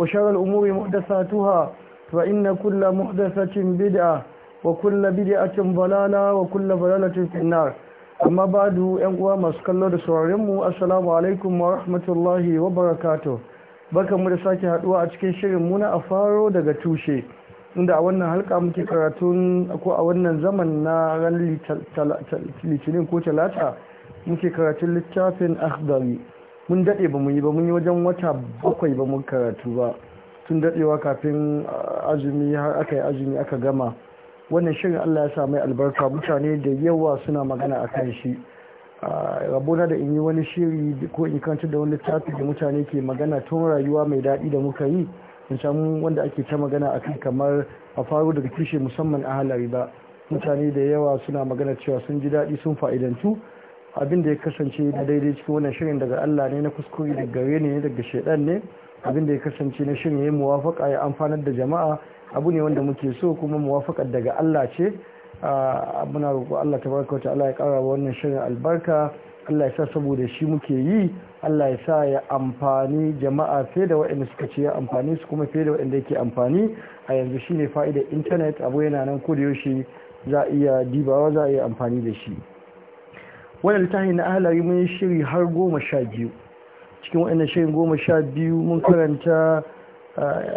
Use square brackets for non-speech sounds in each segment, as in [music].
وشر الأمور محدثاتها فإن كل محدثة بدعة وكل بدعة ضلالة وكل ضلالة في النار amma ba da yan uwa masu kallo da sauraronmu assalamu alaikum wa rahmatullahi wa barakatuh mu da sake haduwa a cikin shirin mu na a faro daga tushe inda a wannan halka muke karatun ko a wannan zaman na ranar litinin ko talata muke karatun littafin akhdari mun daɗe ba mun yi ba mun yi wajen wata bakwai ba mun karatu ba tun daɗewa kafin azumi har aka yi azumi aka gama wannan shirin allah ya sa mai albarka mutane da yawa suna magana a kan shi rabona da in yi wani shiri ko in kanta da wani tafi da mutane ke magana tun rayuwa mai daɗi da muka yi in samu wanda ake ta magana a kan kamar a faru daga kishe musamman a halari ba mutane da yawa suna magana cewa sun ji daɗi sun fa'idantu abin da ya kasance na daidai cikin wannan shirin daga Allah ne na kuskure daga gare ne daga shedan ne abin da ya kasance na shirin ya muwafaka ya amfanar da jama'a abu ne wanda muke so kuma muwafakar daga Allah ce muna roƙo Allah ta wata Allah ya ƙara wannan shirin albarka Allah ya sa saboda shi muke yi Allah ya sa ya amfani jama'a fiye da waɗanda suka ce ya amfani su kuma fiye da waɗanda yake amfani a yanzu shine fa'idar intanet abu yana nan ko da yaushe za a iya dibawa za a iya amfani da shi wannan littafi na ahalari mun shiri har goma sha biyu cikin wannan shirin goma sha biyu mun karanta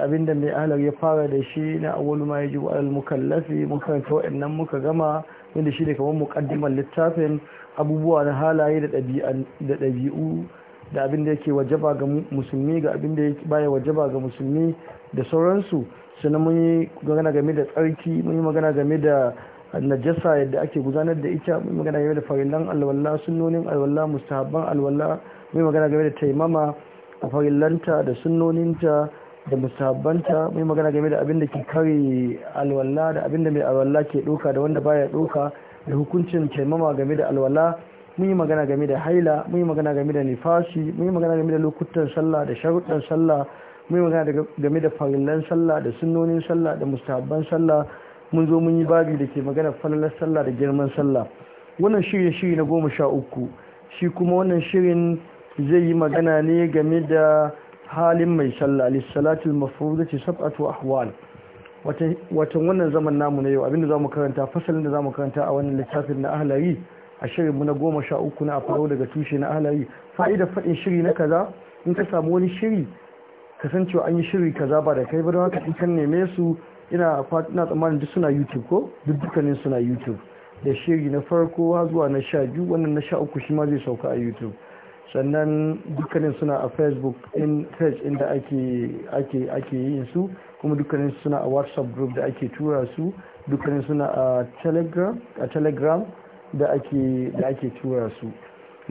abinda mai ahalar ya fara da shi na awwalu ma yajibu alal mukallafi mun karanta wa'annan muka gama wanda shi ne kamar mukaddimar littafin abubuwa na halaye da ɗabi'u da abin da yake wajaba ga musulmi ga abin da baya wajaba ga musulmi da sauransu sannan mun yi magana game da tsarki mun yi magana game da najasa yadda ake gudanar da ita mai magana game da farillan alwallah sunnonin alwallah mustahabban alwallah mai magana game da taimama a farillanta da sunnoninta da musabbanta mai magana game da abin da ke kare alwallah da abin da mai alwallah ke doka da wanda baya doka da hukuncin taimama game da alwallah mun yi magana game da haila mun yi magana game da nifasi mun yi magana game da lokutan sallah da sharuɗan sallah mun yi magana game da farillan sallah da sunnonin sallah da musabban sallah mun zo mun yi babi da ke magana falalar sallah da girman sallah wannan shirin shiri na goma sha uku shi kuma wannan shirin zai yi magana ne game da halin mai sallah lissalatul mafruza ce sab'atu ahwal watan wannan zaman namu na yau abinda zamu karanta fasalin da zamu karanta a wannan littafin na ahlari a shirin mu na goma sha uku na afaro daga tushe na ahlari fa'idar faɗin shiri na kaza in ka samu wani shiri kasancewa an yi shiri kaza ba da kai ba don haka in kan neme su ina tsammanin duk suna youtube ko duk dukkanin suna youtube da shiri na farko har zuwa na sha biyu wannan na sha uku shi ma zai sauka a youtube sannan dukkanin suna a facebook in page inda ake ake yin su kuma dukkanin suna a whatsapp group da ake tura su dukkanin suna a telegram a telegram da ake da ake tura su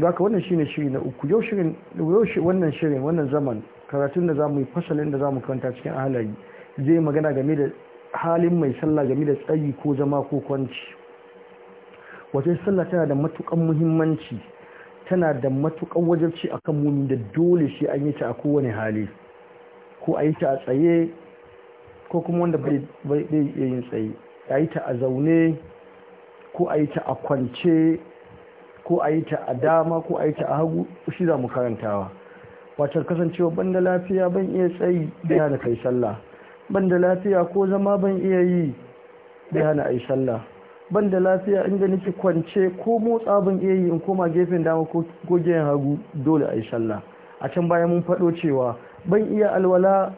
zaka wannan shine shiri na uku yau shirin yau wannan shirin wannan zaman karatun da zamu yi fasalin da zamu karanta cikin ahalari zai magana game da halin mai sallah game da tsayi ko zama ko kwanci wace sallah tana da matukan muhimmanci tana da matukan wajarci kan muni da dole shi an yi ta a kowane hali ko a yi ta a tsaye ko kuma wanda bai iya yin tsaye a yi ta a zaune ko a yi ta a kwance ko a yi ta a dama ko a yi ta a hagu shi za mu karantawa wacar kasancewa banda lafiya ban iya tsayi da kai sallah ban da lafiya ko zama ban iya yi bai hana a yi sallah ban da lafiya inda nake kwance ko motsa ban iya yi in koma gefen dama ko gogen hagu dole a yi sallah a can bayan mun faɗo cewa ban iya alwala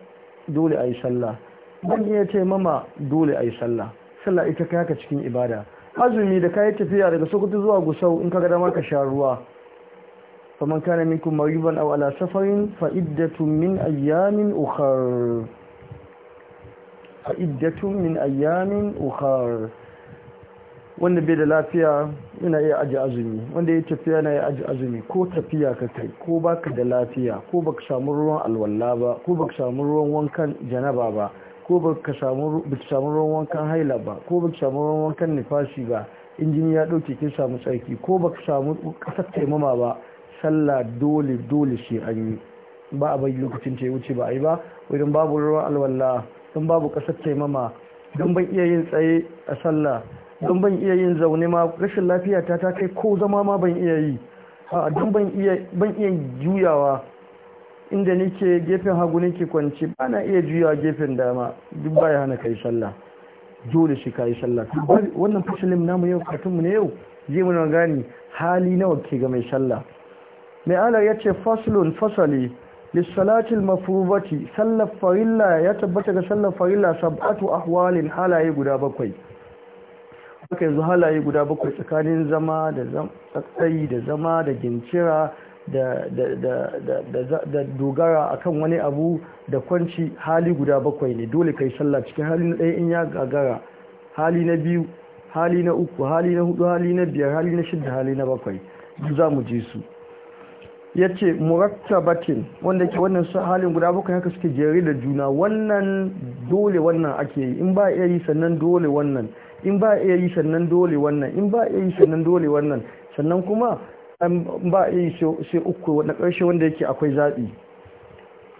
dole a yi sallah ban iya taimama dole a yi sallah sallah ita kai haka cikin ibada azumi da kayi tafiya daga sokoto zuwa gusau in ka ga dama ka sha ruwa faman kana minkum mariban aw ala safarin fa iddatun min ayyamin ukhra fa min ayyamin ukhar wanda bai da lafiya yana iya aji azumi wanda ya tafiya na iya aji azumi ko tafiya ka kai ko baka da lafiya ko baka samu ruwan alwalla ba ko baka samu ruwan wankan janaba ba ko baka samu samu ruwan wankan haila ba ko baka samu ruwan wankan nifashi ba injini ya dauke kin samu tsarki ko baka samu kasar taimama ba sallah dole dole shi an yi ba a bai lokacin ta ya wuce ba a yi ba wajen babu ruwan alwallah don babu kasar taimama don ban iya yin tsaye a sallah don ban iya yin zaune ma rashin lafiya ta ta kai ko zama ma ban iya yi a don ban iya juyawa inda nake gefen hagu nake kwanci ba na iya juyawa gefen dama duk baya hana kai sallah dole shi kai sallah wannan fasalin namu yau katunmu ne yau zai muna gani hali nawa ke ga mai sallah mai ala ya ce faslun fasali lissalatil mafrubati sallar farilla ya tabbata ga sallar farilla sab'atu ahwalin halaye guda bakwai haka yanzu halaye guda bakwai tsakanin zama da tsayi da zama da gincira da dogara akan wani abu da kwanci hali guda bakwai ne dole kai sallah cikin hali na ɗaya in ya gagara hali na biyu hali na uku hali na hudu hali na biyar hali na shidda hali na bakwai za mu je su ya ce murattabatin wanda ke wannan su halin guda bakwai haka suke jere da juna wannan dole wannan ake yi in ba iya yi sannan dole wannan in ba iya yi sannan dole wannan in ba iya yi sannan dole wannan sannan kuma an ba iya yi sai uku na ƙarshe wanda yake akwai zaɓi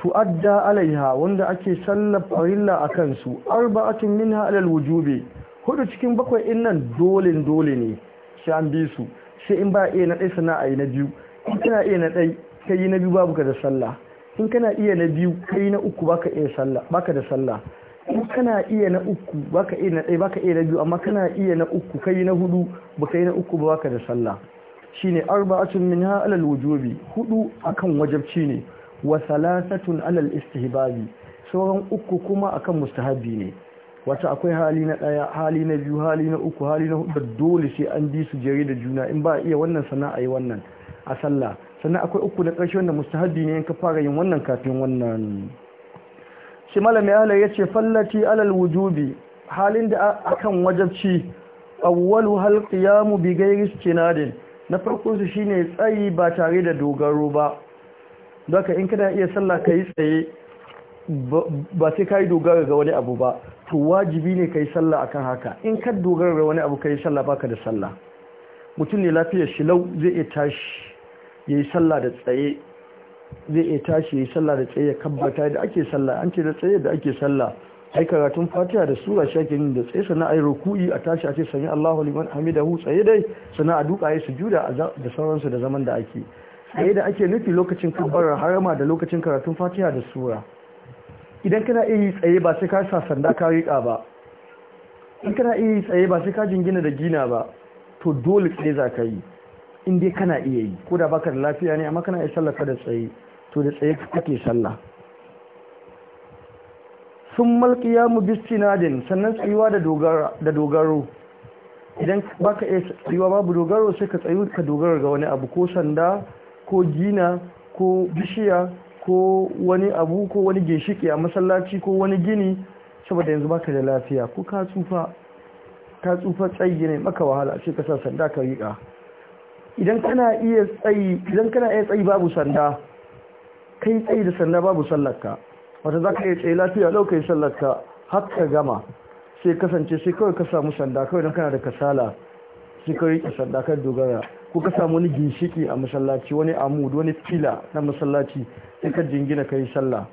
tu'adda alaiha wanda ake sallafa farilla a kansu arba'atun minha halal wujube hudu cikin bakwai in nan dole dole ne sai an bi su sai in ba a iya na ɗaya sana'a na biyu in kana iya na ɗai ka yi na biyu babu ka da sallah in kana iya na biyu ka yi na uku baka iya sallah baka da sallah in kana iya na uku baka iya na ɗai baka iya na biyu amma kana iya na uku ka yi na hudu baka yi na uku ba baka da sallah shine arba'atun minha alal wujubi hudu akan wajabci ne wa salasatun alal istihbabi sauran uku kuma akan mustahabi ne wata akwai hali na ɗaya hali na biyu hali na uku hali na hudu dole sai an bi su jere da juna in ba iya wannan sana'a yi wannan a sallah sannan akwai uku na karshe wanda mustahabi ne yanka fara yin wannan kafin wannan shi malami ala ya ce fallati alal wujubi halin da akan wajabci awwalu hal qiyamu bi ghairi istinadin na farko su shine tsayi ba tare da dogaro ba zaka in kana iya sallah kai tsaye ba sai ka yi dogara ga wani abu ba to wajibi ne ka yi sallah akan haka in ka dogara ga wani abu ka yi sallah baka da sallah mutum ne lafiyar shi lau zai iya tashi ya yi sallah da tsaye zai iya tashi ya yi sallah da tsaye ya kabbata da ake sallah an ce da tsaye da ake sallah ai karatun fatiha da sura shakin da tsaye sana ai ruku'i a tashi a ce sami Allahu liman hamidahu tsaye dai sana a duka ya sujuda da sauransu da zaman da ake tsaye da ake nufi lokacin kabbarar harama da lokacin karatun fatiha da sura idan kana iya yi tsaye ba sai ka sa sanda ka riƙa ba in kana iya yi tsaye ba sai ka jingina da gina ba to dole tsaye za ka yi in dai kana iya yi ko da baka da lafiya ne amma kana iya sallah da tsaye to da tsaye kake sallah sun ya mu bistinadin sannan tsayuwa da dogaro idan baka iya tsayuwa babu dogaro sai ka tsayu ka dogaro ga wani abu ko sanda ko gina ko bishiya ko wani abu ko wani ginshiki a masallaci ko wani gini saboda yanzu baka da lafiya ko ka tsufa ka tsufa tsayi ne maka wahala sai ka sa sanda ka riƙa idan kana iya tsayi idan kana iya tsayi babu sanda kai tsayi da sanda babu sallarka wata za ka iya tsayi lafiya lau kai ka har ka gama sai kasance sai kawai ka samu sanda kawai don kana da kasala sai ka riƙe sanda kan dogara ko ka samu wani ginshiki a masallaci wani amud wani fila na masallaci sai ka jingina ka yi sallah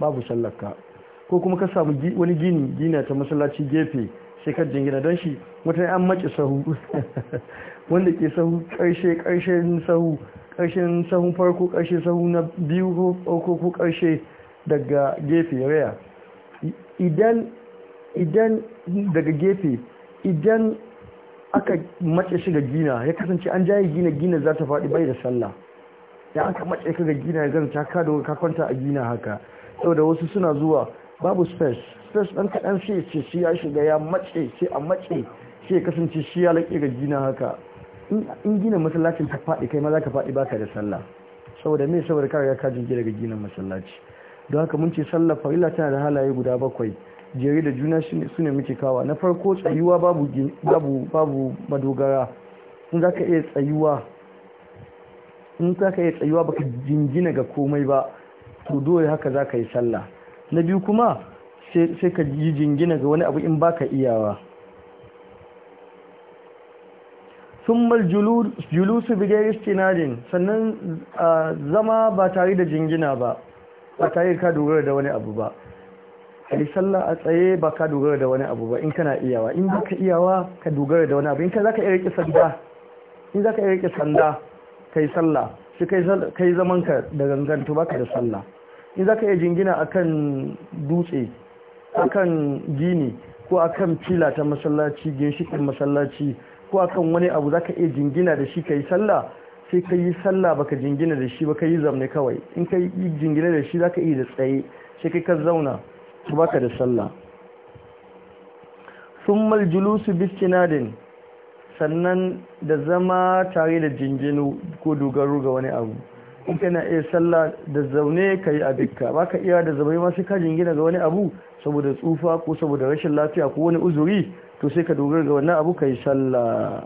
babu sallar ka ko kuma ka samu wani gini gina ta masallaci gefe sai ka jingina don shi wata an mace sahu [laughs] wanda ke sahu karshe karshen sahu karshen sahun farko karshe sahu na biyu ko ko karshe daga gefe raya idan idan daga gefe idan aka mace shi ga gina ya kasance an jaye gina gina za ta faɗi bai da sallah ya aka mace ka ga gina ya zanta ka da ka kwanta a gina haka saboda wasu suna zuwa babu space space ɗan kaɗan sai ce shi ya shiga ya mace sai a mace sai ya kasance shi ya laƙe ga gina haka in gina masallacin ta faɗi kai ma za ka faɗi baka da sallah saboda me saboda kawai ya kajin gina ga gina masallaci don haka mun ce sallah farilla tana da halaye guda bakwai jere da juna su ne muke kawa na farko tsayuwa babu madogara in za ka iya tsayuwa in za ka iya tsayuwa baka jingina ga komai ba to dole haka za ka yi sallah na biyu kuma sai ka yi jingina ga wani abu in ba ka iyawa summal julusu bigayar istinadin sannan ah, zama ba tare da jingina ba ba tare ka dogara da wani abu ba ka yi sallah a tsaye ba ka dogara da wani abu ba in kana iyawa in ba ka iyawa ka dogara da wani abu in ka za ka iya rike sanda in za ka iya rike sanda kai yi sallah shi ka yi zaman ka da ganganto ba ka da sallah in za ka iya jingina akan dutse akan gini ko akan fila ta masallaci ginshikin masallaci ko akan wani abu za ka iya jingina da shi ka yi sallah sai ka yi sallah baka jingina da shi ba ka yi zamne kawai in ka yi jingina da shi za ka iya da tsaye sai kai ka zauna baka da sallah maljulu julusu bistinadin sannan da zama tare da jinginu ko dogaro ga wani abu in na iya sallah da zaune ka yi abinka ba ka iya da zaune masu ka jingina ga wani abu saboda tsufa ko saboda rashin lafiya ko wani uzuri to sai ka dogara ga wani abu ka yi sallah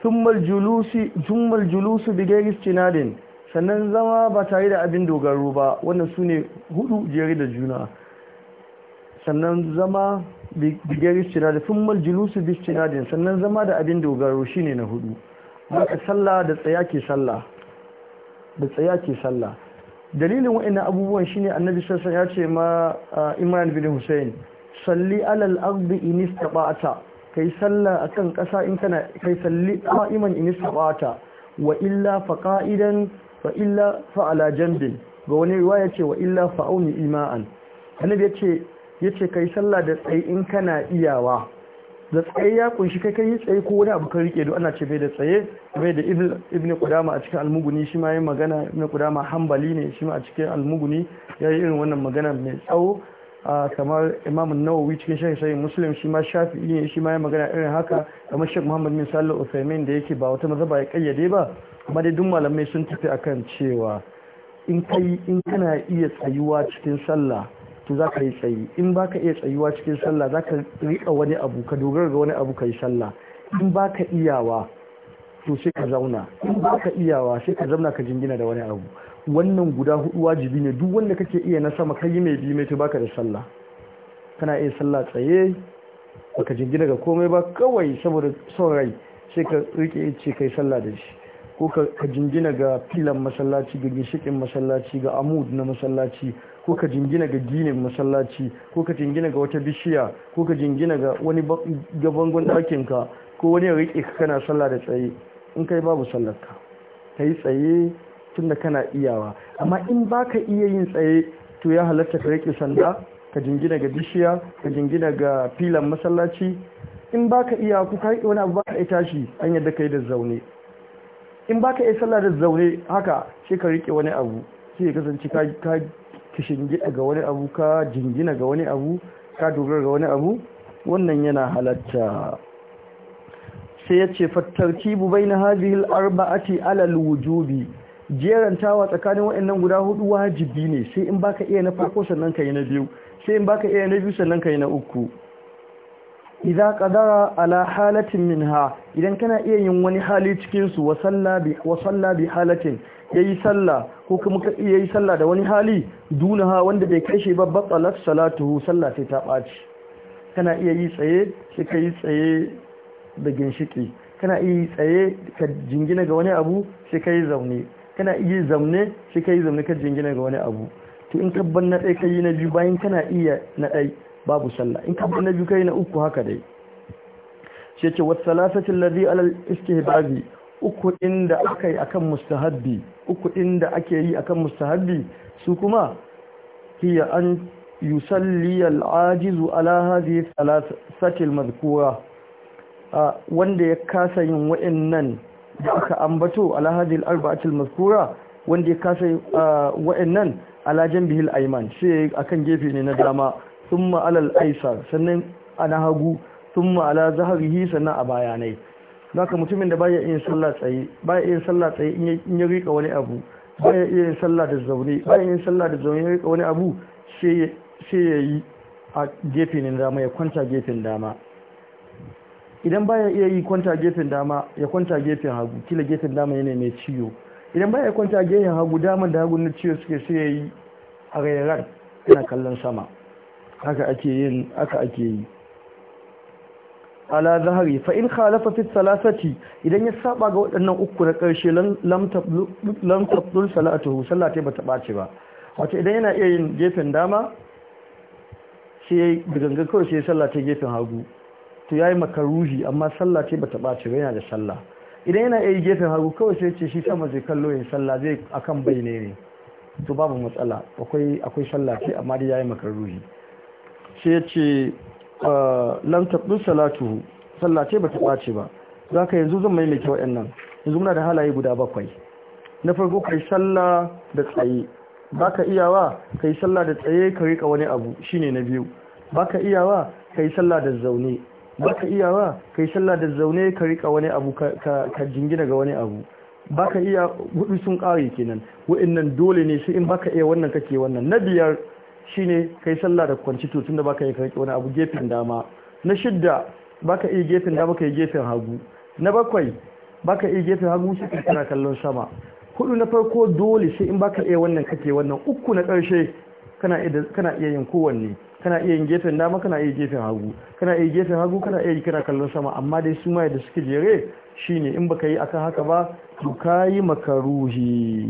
summal julusu bi gairi sannan zama ba tare da abin dogaro ba wannan su ne hudu jere da juna sannan zama bigiyar istinadi sun maljulusu bi istinadin sannan zama da abin dogaro shine na hudu maka sallah da tsaya ke sallah da tsaya ke sallah dalilin wa'ina abubuwan shine annabi sassan ya ce ma imran bin hussein salli alal ardi in istata'ta kai sallah akan kasa in kana kai salli qa'iman in istata'ta wa illa faqa'idan fa illa fa ala jambin ga wani riwaya ce wa illa fa'auni ima'an annabi yace yace kai sallah da tsayi in kana iyawa da tsaye ya kunshi kai kai tsaye ko wani abu kan rike do ana ce bai da tsaye bai da ibn qudama a cikin almuguni shi ma yayin magana ibn qudama hanbali ne shi ma a cikin almuguni yi irin wannan magana mai tsawo kamar imam an-nawawi cikin sharh sahih muslim shi ma shafi'i ne shi ma yi magana irin haka kamar shaykh muhammad bin usaimin da yake ba wata mazhaba ya kayyade ba kuma dai duk malamai sun tafi akan cewa in kai in kana iya tsayuwa cikin sallah to za ka yi tsayi in ba ka iya tsayuwa cikin sallah za ka riƙa wani abu ka dogara ga wani abu ka yi sallah in ba ka iyawa to sai ka zauna in ba ka iyawa sai ka zauna ka jingina da wani abu wannan guda hudu wajibi ne duk wanda kake iya na sama kai mai bi mai to baka da sallah kana iya sallah tsaye baka jingina ga komai ba kawai saboda son rai sai ka rike ce kai sallah da shi ko ka jingina ga filan masallaci ga ginshikin masallaci ga amud na masallaci ko ka jingina ga ginin masallaci ko ka jingina ga wata bishiya ko ka jingina ga wani gabangon ɗakinka ko wani ya riƙe kana sallah da tsaye in kai babu sallarka ka yi tsaye tun da kana iyawa amma in ba ka iya yin tsaye to ya halatta ka riƙe sanda ka jingina ga bishiya ka jingina ga filan masallaci in ba ka iya ku ka wani abu ba ka tashi an yadda ka yi da zaune in baka yi sallah da zaune haka shi ka rike wani abu sai ya kasance ka kishingi ga wani abu ka jingina ga wani abu ka dogara ga wani abu wannan yana halatta sai ya ce fattartibu baina hadhihi al-arba'ati alal al-wujubi jerantawa tsakanin waɗannan guda hudu wajibi ne sai in baka iya na farko sannan kai na biyu sai in baka iya na biyu sannan kai na uku idza qadara ala halatin minha idan kana iya yin wani hali cikin su wa salla bi halatin yayi salla ko kuma ka iya yi salla da wani hali dunaha wanda bai kashe shi ba salatu salatuhu salla sai ta baci kana iya yi tsaye sai yi tsaye da ginshiki kana iya yi tsaye ka jingina ga wani abu sai kai zaune kana iya zaune sai kai zaune ka jingina ga wani abu to in kabban na dai kai na biyu bayan kana iya na dai babu sallah in ka na biyu kai na uku haka dai shi yake wasalasatin ladhi alal istihbabi uku inda aka yi akan mustahabbi uku inda ake yi akan mustahabbi su kuma hiya an yi yusalli al'ajizu ala hadhihi salasatil madhkura wanda ya kasa yin wa'annan da aka ambato ala hadhihi al'arba'atil madhkura wanda ya kasa wa'annan ala janbihi al'ayman sai akan gefe ne na dama thumma alal aisar sannan ana hagu thumma ala zahrihi sannan a bayanai haka mutumin da baya yin sallah tsaye baya yin sallah tsaye in ya rika wani abu baya yin sallah da zaune baya yin sallah da zaune ya rika wani abu sai ya yi a gefen dama ya kwanta gefen dama idan baya iya yi kwanta gefen dama ya kwanta gefen hagu kila gefen dama yana mai ciwo idan baya kwanta gefen hagu dama da hagu na ciwo suke sai ya yi a rayarar yana kallon sama haka ake yin aka ake yi ala zahari fa in khalafa fi thalathati idan ya saba ga waɗannan uku na karshe lam tabdul salatuhu sallata bata bace ba wato idan yana iya yin gefen dama sai bigangar kawai sai sallata gefen hagu to yayi makaruhi amma sallata bata bace ba yana da sallah idan yana iya gefen hagu kawai sai ce shi sama zai kallo yin sallah zai akan bai ne to babu matsala akwai akwai sallata amma dai yayi makaruhi sai ya ce ah, lam Salatu salatuhu sallace bata ɓace ba za ka yanzu zan maimaita waɗannan yanzu muna da halaye guda bakwai na farko ka yi sallah da tsaye ba ka iyawa yi sallah da tsaye ka riƙa wani abu ne na biyu ba ka iyawa yi sallah da zaune ka iyawa yi sallah da zaune ka riƙa wani abu ka jingina ga wani abu ba ka iya hudu sun ƙari kenan nan dole ne sai in ba ka iya wannan kake wannan na biyar shine kai sallah da kwanci to tunda baka yi karki wani abu gefen dama na shidda baka iya gefen dama kai gefen hagu na bakwai baka iya gefen hagu shi kana kallon sama hudu na farko dole sai in baka iya wannan kake wannan uku na karshe kana iya yin kowanne kana iya yin gefen dama kana iya gefen hagu kana iya gefen hagu kana iya kana kallon sama amma dai su mai da suke jere shine in baka yi akan haka ba to kayi makaruhi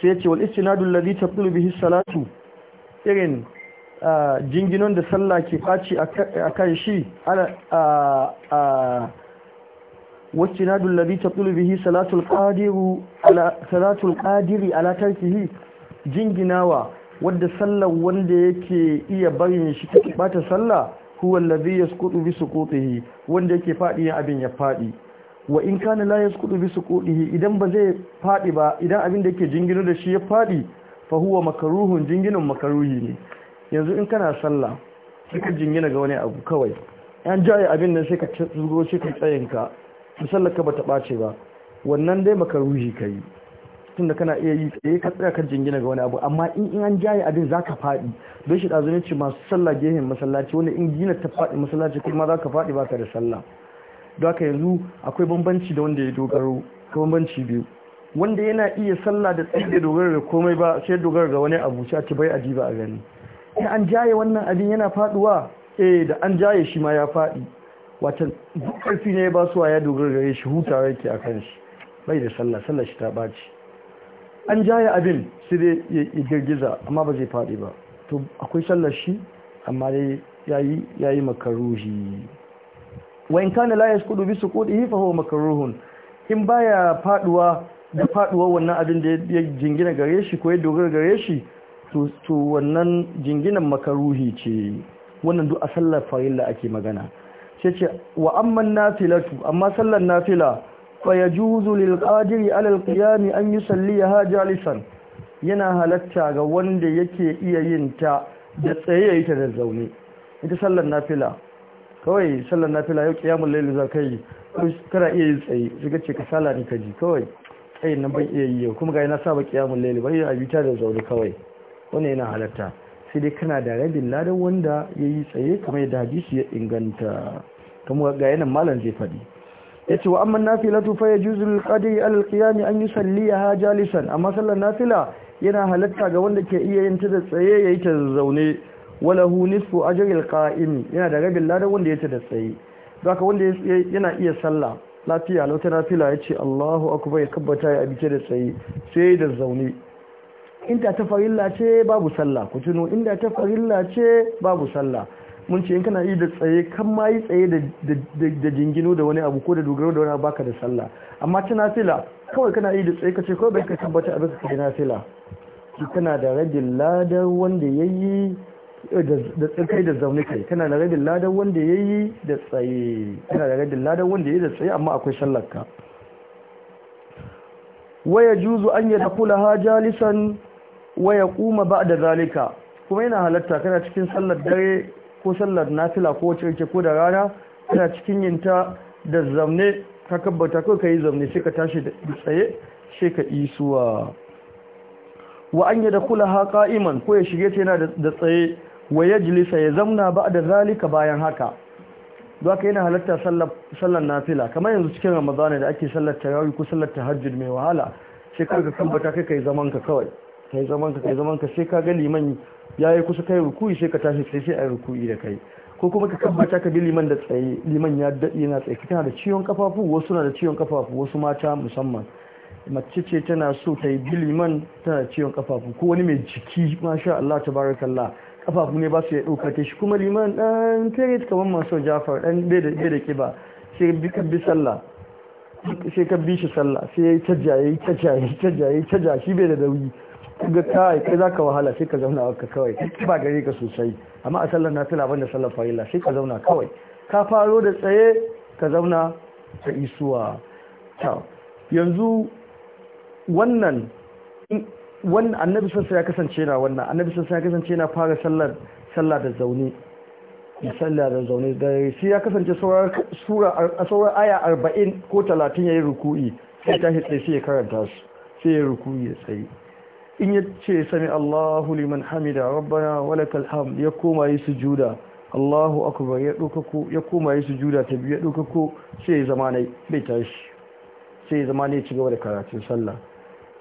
sai ce wal istinadul ladhi taqulu bihi salatu irin jinginon da sallah ke faci akan shi ala a wastinadu ladhi taqulu bihi salatul qadiru ala salatul qadiri ala tarkihi jinginawa wadda sallar wanda yake iya barin shi take bata sallah huwa allazi yasqutu bi suqutihi wanda yake fadi abin ya fadi wa in kana la yaskudu bi suqudihi idan ba zai fadi ba idan abin da yake jingino da shi ya fadi fa huwa makruhun jinginon makruhi ne yanzu in kana sallah sai ka jingina ga wani abu kawai an jaye abin nan sai ka tsugo shi ka tsayin ka sallar ka bata bace ba wannan dai makruhi kai tunda kana iya yi tsaye ka tsaya ka jingina ga wani abu amma in in an jaye abin zaka fadi don shi dazunci masu sallah gehen masallaci wanda in gina ta fadi masallaci kuma zaka fadi ba ka da sallah don haka yanzu akwai bambanci da wanda ya dogaro ka bambanci biyu wanda yana iya sallah da tsaye da dogara da komai ba sai dogara ga wani abu sai ci bai ajiba a gani ya an jaye wannan abin yana faduwa eh da an jaye shi ma ya fadi watan karfi ne ya ba suwa ya dogara gare shi hutawa yake a kan shi bai da sallah sallah shi ta baci an jaye abin sai dai ya girgiza amma ba zai fadi ba to akwai sallar shi amma dai yayi yayi makaruhi wa in kana la yashkudu bi suqutihi fa huwa makruhun in baya faduwa da faduwa wannan abin da ya jingina gare shi ko ya dogara gare shi to to wannan jinginan makaruhi ce wannan duk a sallar farilla ake magana sai ce wa amma nafilatu amma sallar nafila fa yajuzu lil qadiri ala al qiyam an yusalliha jalisan yana halatta ga wanda yake iya yin ta da tsaye yayin ta da zaune ita sallar nafila kawai sallar nafila yau kiyamun layl za ka yi iya yin tsaye shiga ce kasala ne ka ji kawai tsaye nan ban iya yi kuma ga na saba kiyamul layl bari a bita da zaune kawai Wani yana halatta sai dai kana da rabin ladan wanda ya yi tsaye kamar yadda hadisi ya inganta kuma ga yanan malam zai faɗi ce wa tufa ya fa yajuzu lil an yi qiyam an yusalliha jalisan amma sallar nafila yana halatta ga wanda ke iya yin ta da tsaye ya yi ta zaune walahu nisfu ajril qa'im yana da rabin ladan wanda ya yake da tsaye ka wanda yana iya sallah lafiya lauta nafila ce Allahu akbar ya kabbata ya abice da tsaye sai da zaune inda ta farilla ce babu sallah ku tuno inda ta farilla ce babu sallah mun ce in kana yi da tsaye kan ma yi tsaye da jingino da wani abu ko da dogaro da wani abu baka da sallah amma ta nafila kawai kana yi da tsaye ka ce kawai bai ka tabbata abin ka da nafila kana da ragin ladar wanda ya yi. da tsirkai da zaune kai kana da rabin ladan wanda ya yi da tsaye tana da rabin ladan wanda ya yi da tsaye amma akwai shallarka waya juzu an da kula ha jalisan waya kuma ba da zalika kuma yana halatta kana cikin sallar dare ko sallar nafila ko cirke ko da rana kana cikin yinta da zaune ka kabbata ko ka yi zaune sai ka tashi da tsaye sai ka isuwa wa an yi da kula ha ka'iman ko ya shige ta yana da tsaye wa yajlisa ya zamna ba da zalika bayan haka don haka yana halatta sallar nafila kamar yanzu cikin ramadana da ake sallar tarawih ko sallar tahajjud mai wahala sai ka ga kambata kai kai zaman ka kawai kai zaman ka kai zaman ka sai ka ga liman yayi kusa kai ruku'i sai ka tashi sai sai ai ruku'i da kai ko kuma ka kambata ka bi liman da tsaye liman ya dade yana tsaye kana da ciwon kafafu wasu na da ciwon kafafu wasu mata musamman mace ce tana so ta yi bi liman tana ciwon kafafu ko wani mai jiki masha Allah tabarakallah kafafu ne ba su ya ɗaukar ta shi kuma liman ɗan tere kamar masu jafar ɗan bai da ƙiba sai ka bi sallah sai ka bi shi sallah sai ya yi tajaye tajaye tajaye tajaye shi bai da dauyi ga kai za ka wahala sai ka zauna ka kawai ba gare ka sosai amma a sallar nafila banda sallar fahila sai ka zauna kawai ka faro da tsaye ka zauna ka isuwa yanzu wannan wannan annabi sassa ya kasance na wannan annabi sassa ya kasance na fara sallar sallah da zaune ya sallah da zaune da shi ya kasance sauran aya arba'in ko talatin ya yi ruku'i sai ta hitse sai ya karanta su sai ya ruku'i ya tsaye in ya ce sami Allahu liman hamida rabbana walakal hamd ya koma yi sujuda Allahu akbar ya dokako ya koma yi sujuda ta biyu ya dokako sai ya zama ne bai tashi sai ya zama ne ya ci gaba da karatun sallah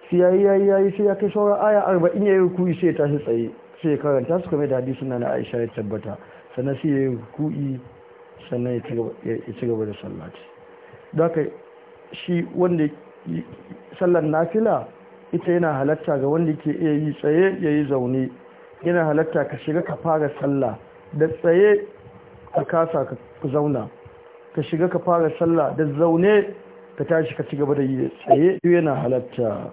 sai yayi sai ya kai sauran aya ya yi ruku'i sai ya tashi tsaye sai ya karanta su kamar da hadisi na Aisha ya tabbata sannan sai ya yi ruku'i sannan ya ci gaba da sallati daga shi wanda na nafila ita yana halatta ga wanda ke iya yi tsaye ya yi zaune yana halatta ka shiga ka fara sallah da tsaye ka kasa ka zauna ka shiga ka fara sallah da zaune ka tashi ka ci gaba da yi tsaye yana halatta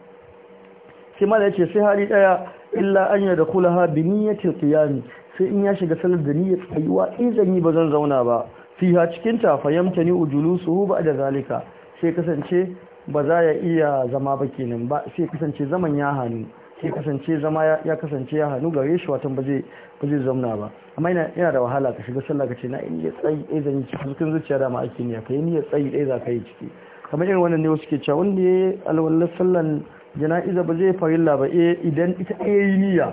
sai mala yace sai hali daya illa an yadkhulaha bi niyyatil qiyami sai in ya shiga salat da niyyar tsayuwa in zan yi bazan zauna ba fi ha cikin ta fayamtani ujulusuhu da zalika sai kasance ba za ya iya zama ba kenan ba sai kasance zaman ya hannu sai kasance zama ya kasance ya hannu gare shi watan ba zai zauna ba amma yana da wahala ka shiga sallah ka ce na in ya tsayi ɗaya eh zan yi ciki cikin zuciya da ma ake niyya ka yi niyyar tsayi ɗaya eh za ka yi ciki kamar irin wannan ne wasu ke cewa wanda ya yi alwallar sallan jana'iza ba zai farilla ba eh, idan ita ɗaya yi niyya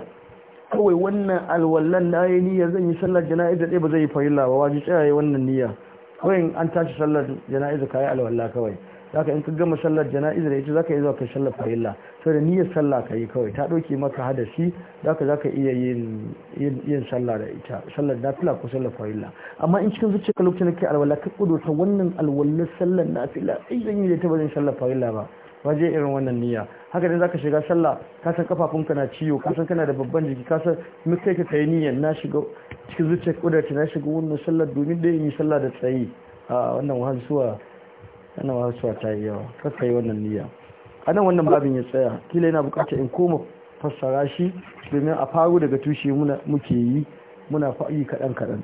kawai wannan alwallan na yi niyya zan yi sallar jana'iza ɗaya ba zai yi farilla ba waje tsaye wannan niyya kawai an tashi sallar jana'iza kayi alwalla kawai zaka in ka gama sallar jana'iza da ita zaka yi zuwa ka sallar farilla da niyyar sallah ka yi kawai ta ɗauke maka hadasi zaka zaka iya yin yin sallah da ita sallar nafila ko sallar farilla amma in cikin zuciya ka lokacin da kai alwala ka kudurta wannan alwallar sallar nafila ai zan yi da ita ba zan sallar farilla ba waje irin wannan niyya haka dai zaka shiga sallah ka san kafafunka na ciwo ka san kana da babban jiki ka san mu kai ka kai niyyar na shiga cikin zuciyar kudurci na shiga wannan sallar domin dai yi sallah da tsayi a wannan wahalsuwa wannan wahalsuwa ta yi yawa kar yi wannan niyya a nan wannan babin ya tsaya kila yana bukatar in koma fassara shi domin a faru daga tushe muke yi muna fa'i kaɗan kaɗan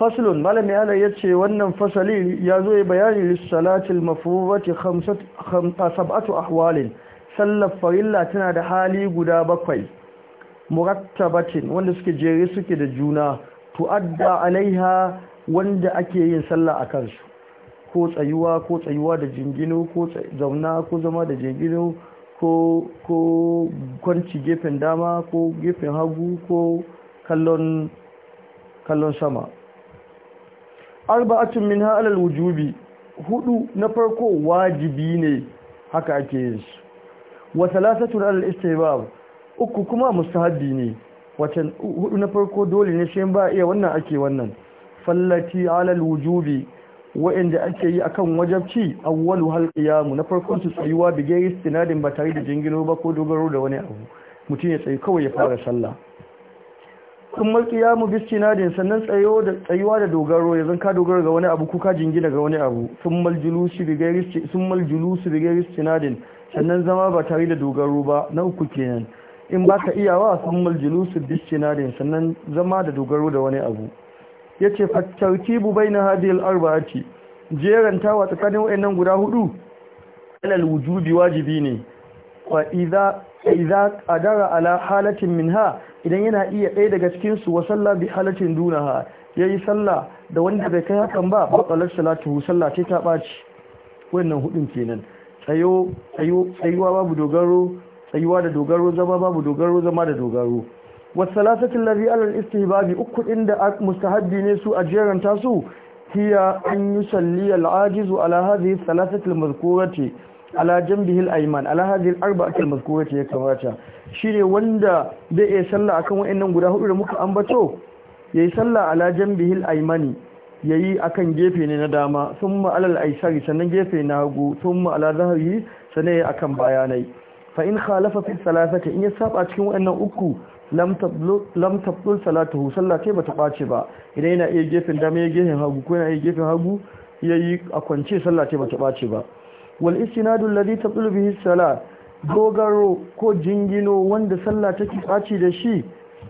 faslun malami ana ya ce wannan fasali ya zo ya bayani lissalatil mafuwati sab'atu ahwalin sallar farilla tana da hali guda bakwai murattabatin wanda suke jere suke da juna tu'adda alaiha wanda ake yin sallah a kansu ko tsayuwa ko tsayuwa da jingino ko zauna ko zama da jingino ko ko kwanci gefen dama ko gefen hagu ko kallon sama arba'atun min halal wujubi hudu na farko wajibi ne haka ake yin shi wa thalathatun alal istihbab uku kuma mustahabbi ne wacce hudu na farko dole ne shi ba iya wannan ake wannan fallati alal wujubi wa'inda ake yi akan wajabci awwalu hal qiyam na farkon su tsayuwa bige istinadin ba tare da jingino ba ko dogaro da wani abu mutum ya tsayi kawai ya fara sallah sun malkiya mu biskinadin sannan tsayuwa da dogaro yanzu ka dogaro ga wani abu ko ka jingina ga wani abu sun maljulusu bigayar sinadin sannan zama ba tare da dogaro ba na uku kenan in ba ka iyawa sun maljulusu biskinadin sannan zama da dogaro da wani abu ya ce fattartibu bai na hadiyar arba'ati wa tsakanin wa'annan guda hudu alal wujubi wajibi ne wa idza qadara ala halatin minha idan yana iya ɗaya daga cikin su wa sallah bi halatin dunaha yayi sallah da wanda bai kai hakan ba matsalar salatu sallah ce ta baci wannan hudun kenan tsayo tsayo tsayuwa babu dogaro tsayuwa da dogaro zama babu dogaro zama da dogaro wasalasatin lari alal istihbabi uku inda mustahabbi ne su a jeranta su hiya an yi salli al'ajizu ala hadhihi salasatil mazkurati ala jambihil ayman ala hadhihi al-arba'ati al-mazkurati ya kamata shine wanda zai iya sallah akan wayannan guda hudu da muka ambato yayi sallah ala jambihil aymani yayi akan gefe ne na dama thumma ala al-aysari sannan gefe na hagu thumma ala zahri sannan yayi akan bayanai fa in khalafa fi salasati in ya saba cikin wayannan uku lam tabdul salatuhu sallah ce bata ɓace ba idan yana iya gefen dama ya gefen hagu ko yana iya gefen hagu yayi a kwance sallah ce bata ɓace ba wal istinadu alladhi tatlu bihi salat dogaro ko jingino wanda sallah take tsaci da shi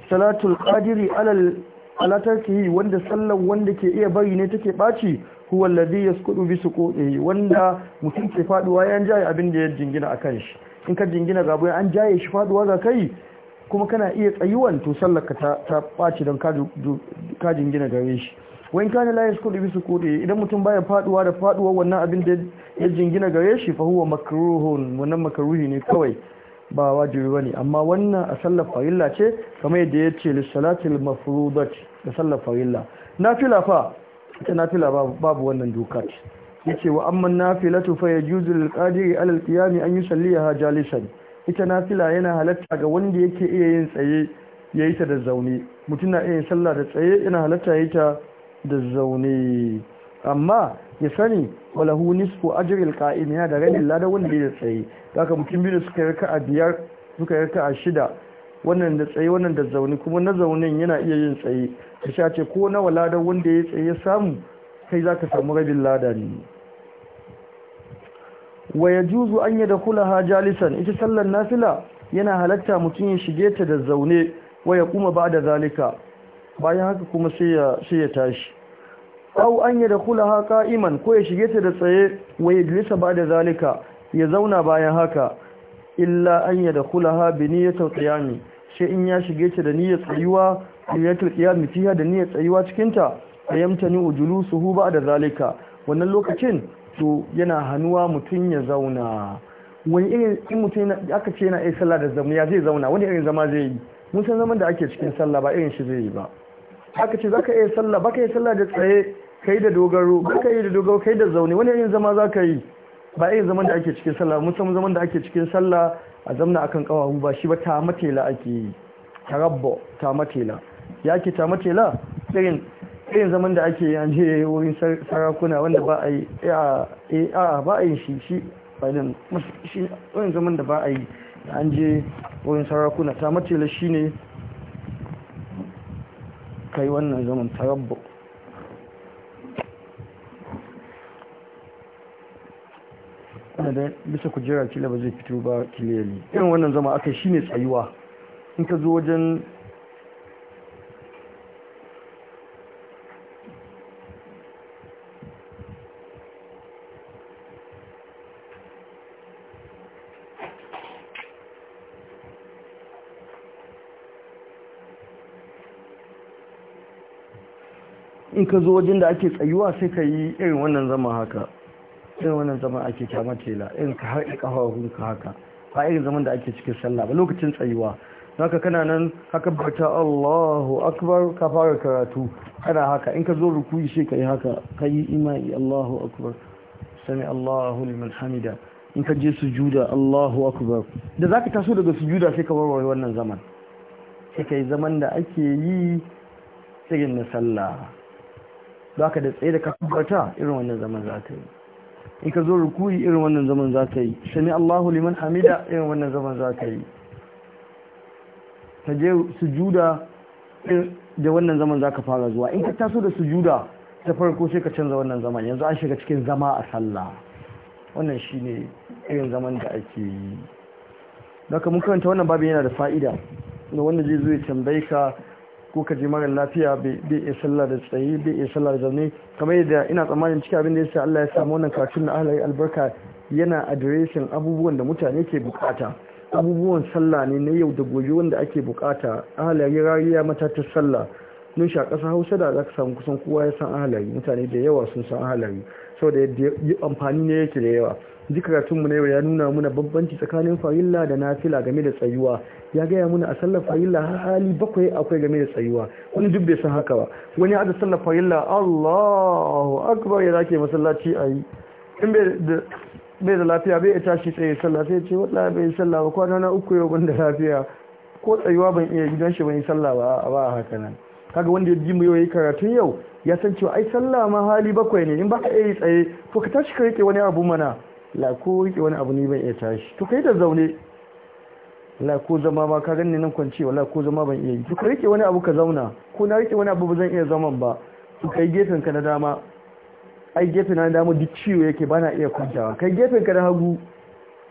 salatul qadiri alal ala wanda sallan wanda ke iya bari ne take baci huwa alladhi yasqutu bi suqutihi wanda mutum ke faduwa yan jaye abin da ya jingina akan shi in ka jingina gabo an jaye shi faduwa ga kai kuma kana iya tsayuwan to sallar ka ta baci don ka jingina gare shi wa in kana la kudi bi sukuri idan mutum baya faduwa da faduwa wannan abin da ya jingina gare shi fa huwa makruhun wannan makruhi ne kawai ba wajibi bane amma wannan a sallar farilla ce kamar yadda ya ce li salatil da sallar farilla nafila fa ita nafila babu wannan doka ce yace wa amma nafilatu fa yajuzu lil qadiri ala al qiyam an yusalliha jalisan ita nafila yana halatta ga wanda yake iya yin tsaye yayi ta da zaune mutum na iya sallah da tsaye yana halatta yayi ta da zaune amma ya sani walahu nisfu ajiril da ranin lada wanda ya tsaye kaka mutum biyu suka yarka a biyar suka yarka a shida wannan da tsaye wannan da zaune kuma na zaunen yana iya yin tsaye ka sha ce ko nawa lada wanda ya tsaye samu kai zaka samu rabin lada ne wa yajuzu an ha jalisan ita sallar nafila yana halatta mutum ya shige ta da zaune wa ya kuma ba da zalika bayan haka kuma sai ya tashi au an yi da kula haka iman ko ya shige ta da tsaye wa idrisa ba da zalika ya zauna bayan haka illa an yi da kula ha bi niyyatar tsayami sai in ya shige ta da niyyar tsayuwa niyyatar tsayami fiye da niyyar tsayuwa cikinta a yamtani ujulu hu ba da zalika wannan lokacin to yana hannuwa mutum ya zauna wani irin in mutum aka ce yana iya sallah da zama ya zai zauna wani irin zama zai yi mun san zaman da ake cikin sallah ba irin shi zai yi ba aka ce zaka iya sallah baka yi sallah da tsaye kai da dogaro baka yi da dogaro kai da zaune wani irin zama zaka yi ba irin zaman da ake cikin sallah musamman zaman da ake cikin sallah a zamna akan kawahu ba shi ba ta matela ake yi tarabbo ta matela ya ke ta matela irin irin zaman da ake an je wurin sarakuna wanda ba a yi a ba a yi shi shi bayan shi wurin zaman da ba a yi an je wurin sarakuna ta matela shine aka yi wannan zaman tarabbu da bisa jira kila ba zai fito ba kiliyali irin wannan zama aka shi ne tsayuwa in ka zo wajen in ka zo wajen da ake tsayuwa sai ka yi irin wannan zama haka irin wannan zama ake kyamar tela irin ka har ƙafafun ka haka ba irin zaman da ake cikin sallah ba lokacin tsayuwa ka kana nan haka barta Allahu akbar ka fara karatu ana haka in ka zo rukuyi sai ka yi haka ka yi imani Allahu akbar sami Allahu liman hamida in ka je sujuda Allahu akbar da za ka taso daga sujuda sai ka warware wannan zaman sai ka yi zaman da ake yi irin na sallah don haka da tsaye da ka tabbata irin wannan zaman za ka yi in ka zo rukuri irin wannan zaman za ka yi Shani allahu liman hamida irin wannan zaman za ka yi ta je sujuda da wannan zaman za ka fara zuwa in ka taso da sujuda ta farko sai ka canza wannan zaman yanzu an shiga cikin zama a sallah wannan shi ne irin zaman da ake yi daga mun karanta wannan babu yana da fa'ida da wanda zai zo ya tambaye ka ko ka je mara lafiya bai iya sallah da tsaye bai iya sallah da zaune kamar yadda ina tsammanin cikin abin da ya yasa Allah ya samu wannan karatun na ahlari albarka yana adireshin abubuwan da mutane ke bukata abubuwan sallah ne na yau da gobe wanda ake bukata ya rariya matatar sallah mun sha ƙasa hausa da za ka samu kusan kowa ya san ahalari mutane da yawa sun san ahalari saboda amfani ne yake da yawa duk karatunmu na yau ya nuna muna bambanci tsakanin farilla da nafila game da tsayuwa ya gaya muna a sallar farilla hali bakwai akwai game da tsayuwa wani duk bai san haka ba wani ya da sallar farilla Allahu akbar ya zake masallaci ayi in bai da lafiya bai ya tashi tsaye sallah sai ce wallahi bai sallah ba kwana na uku yau ban da lafiya ko tsayuwa ban iya gidan shi ban yi sallah ba ba haka nan kaga wanda ya ji mu yau yayi yau ya san cewa ai sallah ma hali bakwai ne in ka iya tsaye to ka tashi ka rike wani abu mana la ko rike wani abu ne ban iya tashi to kai da zaune wala ko zama ba ka ganni nan kwanci wala ko zama ban iya yi to ka rike wani abu ka zauna ko na rike wani abu ba zan iya zaman ba to kai gefen ka na dama ai gefen na dama duk ciwo yake bana iya kwantawa kai gefen ka na hagu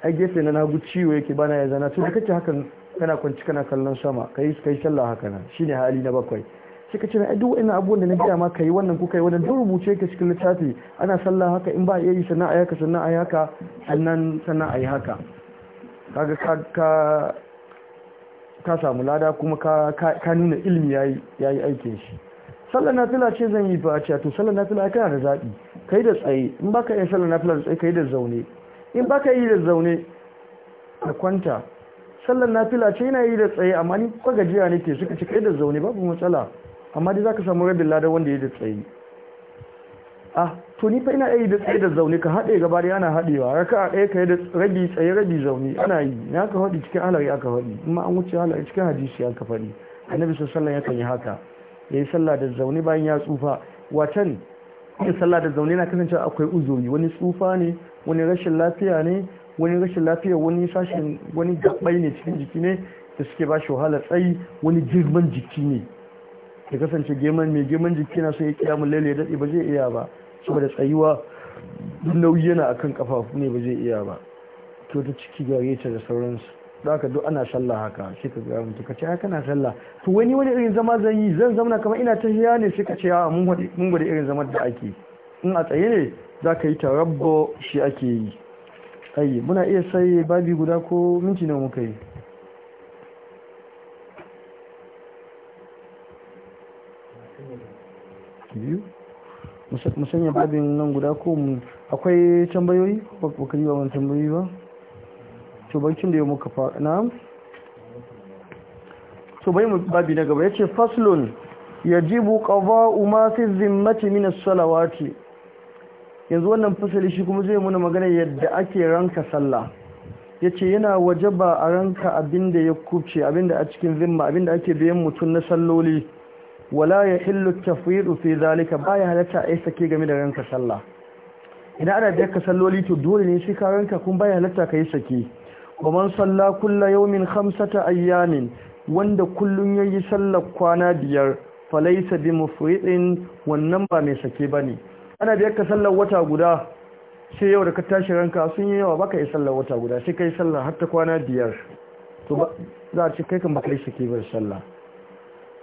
ai gefen na hagu ciwo yake bana iya zana to kace hakan kana kwanci kana kallon sama kai kai sallah haka nan shine hali na bakwai sai ka ce ai duk wannan abubuwan da na gida ma kai wannan ko kai wannan duk rubuce ka cikin littafi ana sallah haka in ba iya yi sana'a haka sana'a haka sannan sana'a haka kaga ka ka samu lada kuma ka nuna ilimi yayi yayi aikin shi sallar nafila ce zan yi ba ce to sallar nafila kana da zabi kai da tsaye in baka yin sallar nafila da tsaye kai da zaune in baka yi da zaune da kwanta sallar nafila ce yana yi da tsaye amma ni kwa gajiya nake suka ci kai da zaune babu matsala amma dai zaka samu rabin lada wanda ya da tsaye ah to ni fa ina yi da tsaye da zaune ka haɗe gaba da ana haɗewa raka ɗaya ka yi da rabi tsaye rabi zaune ana yi na ka faɗi cikin halari aka faɗi kuma an wuce halari cikin hadisi aka faɗi annabi sallallahu yakan yi haka yayi sallah da zaune bayan ya tsufa wacan yin sallah da zaune na kasance akwai uzuri wani tsufa ne wani rashin lafiya ne wani rashin lafiya wani sashin wani gabai ne cikin jiki ne da suke ba shi wahala tsayi wani girman jiki ne ya kasance girman mai girman jiki na so ya kiyamun lele ya daɗe ba zai iya ba saboda tsayuwa nauyi yana akan kafafu ne ba zai iya ba to ta ciki gare ta da sauransu da haka duk ana sallah haka sai ka ga mutum ka ce haka na sallah to wani wani irin zama zan yi zan zama kamar ina ta tahiya ne sai ka ce a mun gwada irin zama da ake in a tsaye ne za ka yi tarabbo shi ake yi ayi muna iya sai babi guda ko minti nawa muka yi musanya babin nan guda ko mu akwai tambayoyi ba ka yi ba wani tambayoyi ba to bankin da ya muka faɗa na to bai mu babi na gaba yace faslun yajibu qada'u ma fi zimmati min as-salawati yanzu wannan fasali shi kuma zai muna magana yadda ake ranka sallah yace yana wajaba a ranka abinda ya kuce abinda a cikin zimma abinda ake biyan mutun na salloli wala ya hillu tafwidu fi zalika baya halatta ai sake game da ranka sallah idan ana da ka salloli to dole ne shi ka ranka kun baya halatta kai sake kuma salla kulla yawmin khamsata ayyamin wanda kullun yayi sallar kwana biyar falaisa bi mufridin wannan ba mai sake bane ana da ka sallar wata guda sai yau da ka tashi ranka sun yi yawa baka yi sallar wata guda sai kai sallar har ta kwana biyar to za a ci kai kan baka yi sake bar sallah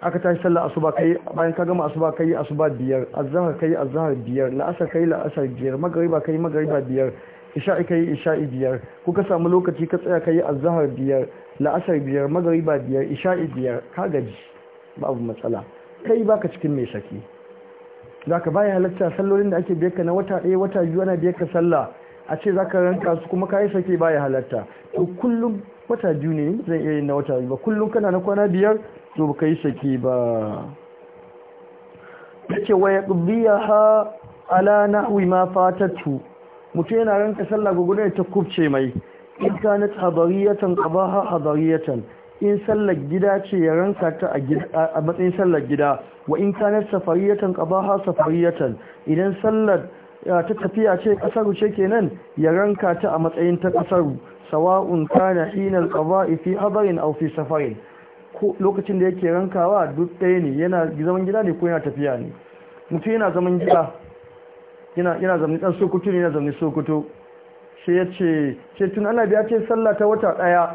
aka tashi sallar asuba kai bayan ka gama asuba kai asuba biyar azhar kai azhar biyar la'asar kai la'asar biyar magariba kai magariba biyar isha'i kai isha'i biyar kuka samu lokaci ka tsaya kai azhar biyar la'asar biyar magariba biyar isha'i biyar ka gaji babu matsala kai baka cikin mai saki zaka baya halatta sallolin da ake biyar ka na wata ɗaya wata biyu ana biyar ka sallah a ce zaka ranka su kuma kai sake baya halatta to kullum wata biyu ne zan iya yin na wata biyu ba kullum kana na kwana biyar to ba ka yi sake ba ya ce wa ya ha ala hui ma fatattu mutum yana ranka sallah gugunar ta kubce mai in ka na ha habari ya hadariyatan in sallar gida ce ya ranka ta a matsayin sallar gida wa in ka ha safariyatan ya safariyatan idan sallar ta tafiya ce kasaru ce kenan ya ranka ta a matsayin ta kasaru sawa'un kana hina alqada'i fi hadarin aw fi safarin lokacin da yake rankawa duk ɗaya ne yana zaman gida ne ko yana tafiya ne mutum yana zaman gida yana yana zaman dan sokoto ne yana zaman sokoto sai ya ce sai tun annabi ya ce sallah ta wata ɗaya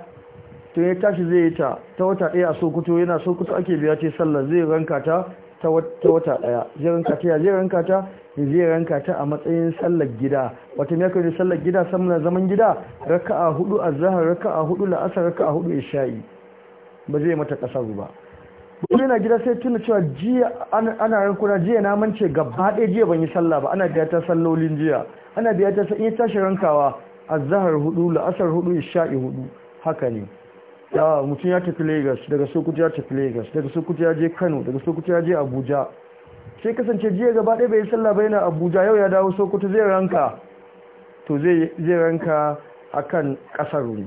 to ya tashi zai yi ta ta wata ɗaya a sokoto yana sokoto ake biya ce sallah zai ranka ta ta wata ɗaya zai ranka ta zai ranka ta zai ranka ta a matsayin sallar gida wata ne kai sallar gida samuna zaman gida raka'a hudu azhar raka'a hudu la'asar raka'a hudu isha'i ba zai mata kasar ba gobe na gida sai tuna cewa jiya ana rankuna jiya na mance gaba ɗaya jiya ban yi sallah ba ana biya ta sallolin jiya ana biya ta in tashi rankawa azhar hudu la'asar hudu isha'i hudu haka ne ya mutum ya tafi Lagos daga Sokoto ya tafi Lagos daga Sokoto ya je Kano daga Sokoto ya je Abuja sai kasance jiya gaba ɗaya bai sallah ba yana abuja yau ya dawo sokoto zai ranka to zai ranka akan kasar ne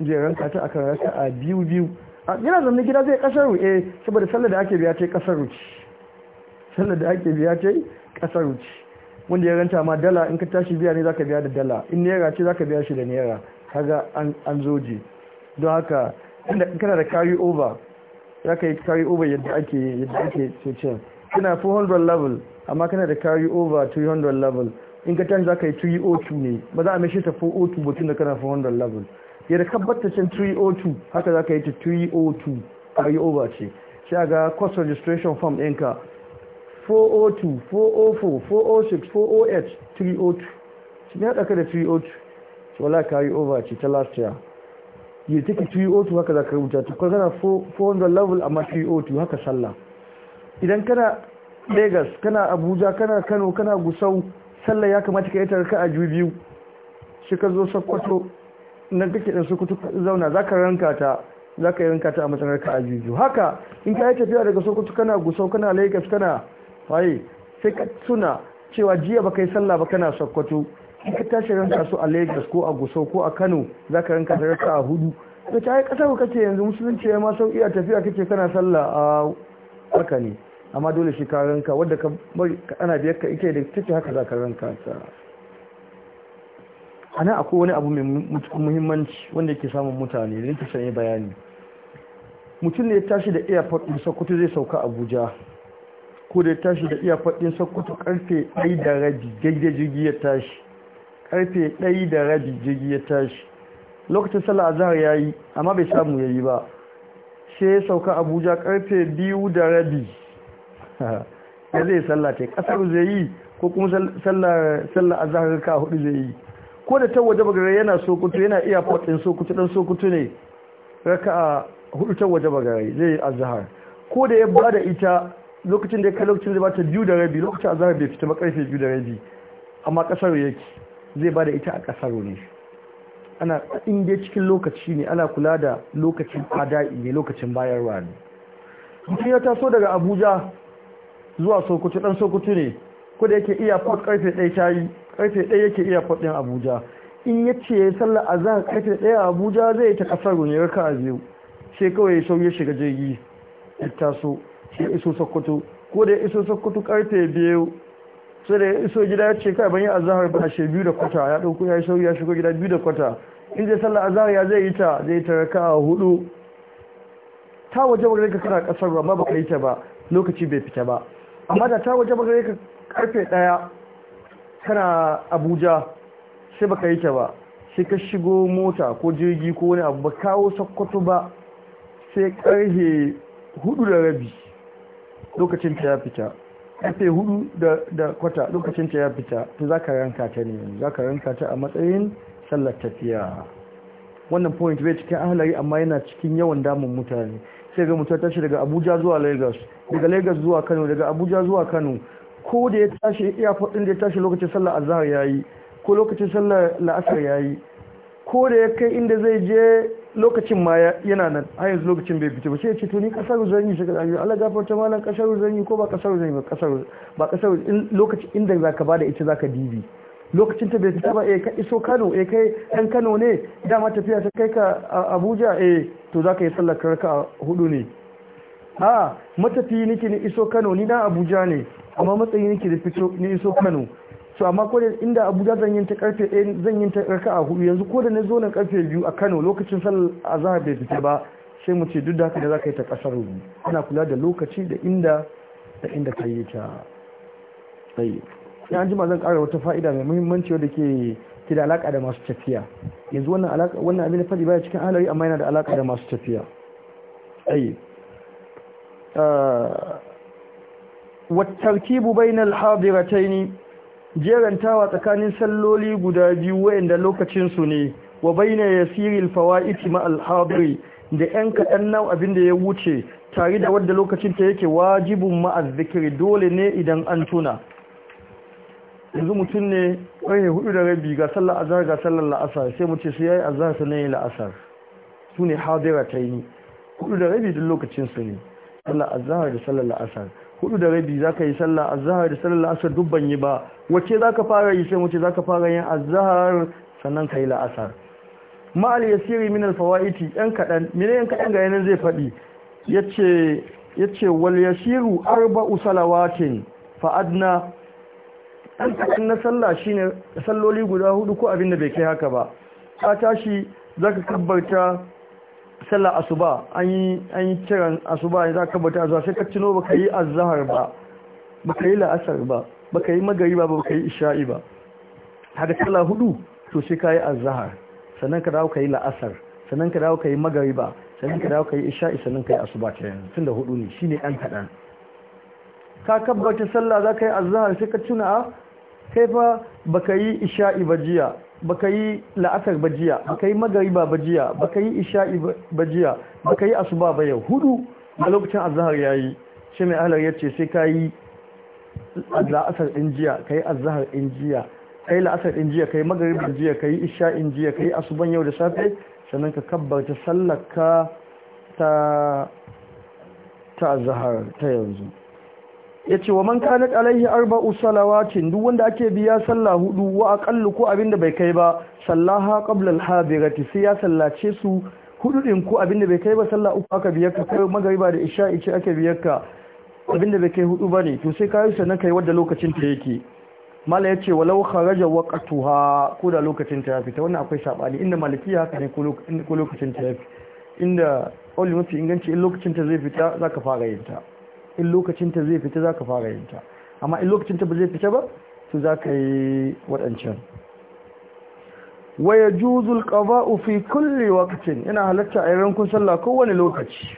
zai ranka ta akan raka a biyu biyu yana zanne gida zai kasar eh saboda sallar da ake biya ta kasar ruci sallar da ake biya ta kasar ruci wanda ya ranta ma dala in ka tashi biya ne zaka biya da dala in naira ce zaka biya shi da naira kaga an zoje don haka inda kana da carry over zaka yi carry over yadda ake yadda ake so kana 400 level amma kana da carry over 300 level in ka canza ka yi 302 ne ba za a mashi ta 402 batun da kana 400 level ya da kabbata can 302 haka za ka yi ta 302 carry over ce shi ga cost registration form ɗinka 402 404 406 408 302 shi ne haɗa ka da 302 shi wala carry over ce ta last year yi take 302 haka za ka rubuta ta kwanzana 400 level amma 302 haka sallah idan kana Lagos kana Abuja kana Kano kana Gusau sallah ya kamata ka yi tarka a biyu shi ka zo Sokoto nan kake dan Sokoto zauna zaka ranka ta zaka ranka ta a matsayin ka a biyu haka in ka yi tafiya daga Sokoto kana Gusau kana Lagos kana waye sai ka tuna cewa jiya baka yi sallah ba kana Sokoto in ka tashi ranka su a Lagos ko a Gusau ko a Kano zaka ranka ta a hudu da ta yi kasar kake yanzu musulunci ya ma sauki a tafiya kake kana sallah a haka ne amma dole shi ka ranka wadda ka ana biyar ka ike da cikin haka za ka ranka ta ana akwai wani abu mai muhimmanci wanda ke samun mutane da nake sanye bayani mutum ne ya tashi da airport din sokoto zai sauka abuja ko da ya tashi da airport din sokoto karfe 1 da rabi daidai jirgi ya tashi karfe 1 da rabi jirgi ya tashi lokacin sallah azhar yayi amma bai samu yayi ba sai ya sauka abuja karfe biyu da rabi ya zai sallah ta kasar zai yi ko kuma sallah a zahar ka hudu zai yi ko da tawaje bagare yana sokoto yana iya fadin sokoto dan sokoto ne raka a hudu tawaje bagare zai azhar ko da ya bada ita lokacin da ya kai lokacin zai bata biyu da rabi lokacin azhar bai fita ba karfe biyu da rabi amma kasar yake zai bada ita a kasar ne ana in dai cikin lokaci ne ana kula da lokacin ada'i ne lokacin bayarwa ne mutum ya taso daga abuja zuwa sokoto dan sokoto ne ko da yake airport karfe 1 tayi karfe 1 yake airport din abuja in yace sallar azan karfe 1 a abuja zai ta kasar ne raka a biyu sai kawai ya shiga jirgi ya taso sai iso sokoto ko da iso sokoto karfe 2 sai da iso gida ya ce kai ban yi azhar ba she biyu da kwata ya dauko ya sauye ya shigo gida biyu da kwata in zai sallar azhar ya zai yi ta zai ta raka a hudu ta waje wajen ka kana kasar amma ba ka yi ta ba lokaci bai fita ba amma da ta waje ka karfe daya kana abuja sai baka yi ta ba sai ka shigo mota ko jirgi ko wani abu ba kawo sokoto ba sai karfe hudu da rabi lokacin ta ya fita karfe hudu da kwata lokacin ta ya fita to za ka ranka ta ne za ka ranka ta a matsayin sallar tafiya wannan point bai cikin ahalari amma yana cikin yawan damun mutane sai ga mutum tashi daga abuja zuwa lagos daga lagos zuwa kano daga abuja zuwa kano ko da ya tashi iya din da ya tashi lokacin sallar azhar yayi ko lokacin sallar la'asar yayi ko da ya kai inda zai je lokacin ma yana nan har yanzu lokacin bai fito ba sai ya ce to ni kasar zan yi shiga ajiyo Allah ta malan kasar zan yi ko ba kasar zan yi ba kasar ba kasar lokacin inda zaka bada ita zaka dibi lokacin ta bai fita ba eh, ka iso Kano eh kai ɗan Kano ne dama tafiya ta kai ka Abuja eh to ka yi sallar karka hudu ne a matafi niki ni iso Kano ni na Abuja ne amma matsayi niki da fito ni iso Kano so amma ko inda Abuja zan yin ta karfe 1 zan yin ta karka a hudu yanzu ko da na zo na karfe 2 a Kano lokacin sallar azhar bai fita ba sai mu ce duk da haka za ka yi ta kasar rubu ana kula da lokaci da inda da inda yi ta sai an jima zan kara wata fa'ida mai muhimmanci wadda ke ke da alaka da masu tafiya yanzu wannan alaka wannan abin da faɗi baya cikin halari amma yana da alaka da masu tafiya ai ah, tarkibu bainal hadirataini jerantawa tsakanin salloli guda biyu wayanda lokacin su ne wa baina yasiril fawaiti ma al-hadiri da yan kaɗan nau abin da ya wuce tare da wadda lokacin ta yake wajibun ma'azzikiri dole ne idan an tuna yanzu mutum ne ƙarfe hudu da rabi ga sallar azhar ga sallar la'asar sai mu ce sai yayi azhar sannan ne la'asar su ne hadira ta yi hudu da rabi duk lokacin su ne sallar azhar da sallar la'asar hudu da rabi zaka yi sallar azhar da sallar la'asar duk ban yi ba wace zaka fara yi sai mu ce zaka fara yin azhar sannan kai la'asar ma'al yasiri min alfawaiti yan kadan mene yan kadan ga yanan zai faɗi yace yace wal yasiru arba'u salawatin fa adna ɗan kaɗan na sallah shine salloli guda hudu ko abin da bai kai haka ba ka tashi za ka kabbarta sallah asuba an yi kiran asuba ne za ka kabbarta zuwa sai ka cino ba ka yi azahar ba ba ka yi la'asar ba ba ka yi magariba ba ba ka yi isha'i ba haka sallah hudu to sai ka yi azahar sannan ka dawo ka yi la'asar sannan ka dawo ka yi magariba sannan ka dawo ka yi isha'i sannan ka yi asuba ta yanzu tun da hudu ne shine ɗan kaɗan ka kabbata sallah za ka yi azahar sai ka tuna a kai fa baka yi isha'i ba jiya baka yi la'asar ba jiya baka yi magariba ba jiya baka yi isha'i ba jiya baka yi asuba ba yau hudu a lokacin azahar ya yi shi mai ya ce sai ka yi la'asar din jiya ka yi azahar din jiya ka yi la'asar din jiya ka yi magariba jiya ka yi isha'in jiya ka yi asuban yau da safe sannan ka kabbarta sallar ka ta ta ta yanzu ya ce wa man kana alaihi arba'u usalawacin duk wanda ake biya sallah hudu wa aqallu ko abinda bai kai ba sallaha qabla ha hadirati sai ya sallace su hudu din ko abinda bai kai ba sallah uku aka biyar ka kai magariba da isha ice ake biyar ka abinda bai kai hudu bane to sai kai sannan kai wanda lokacin ta yake mala ya ce walau kharaja waqtuha ko da lokacin ta ya fita wannan akwai sabani inda maliki haka ne ko lokacin ta ya inda kauli mafi inganci in lokacin ta zai fita zaka fara yin ta in lokacinta zai fita za ka fara yin ta amma in lokacinta ba zai fita ba to zaka yi waɗancan waya juzul qada'u fi kulle wakacin yana halatta a rankun sallah kowane lokaci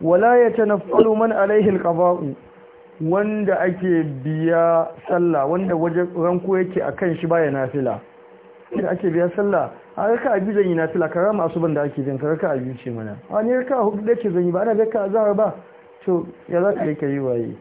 wala ya tanaffalu man alaihil ƙaba'u wanda ake biya sallah wanda wajen ranko yake a shi baya nafila Idan ake biya sallah a raka abi zan yi nafila ka asuban da ake biyan ka abi ce mana a hudu da ce zan ba ana raka a zahar ba so ya za ka yi ka yi waye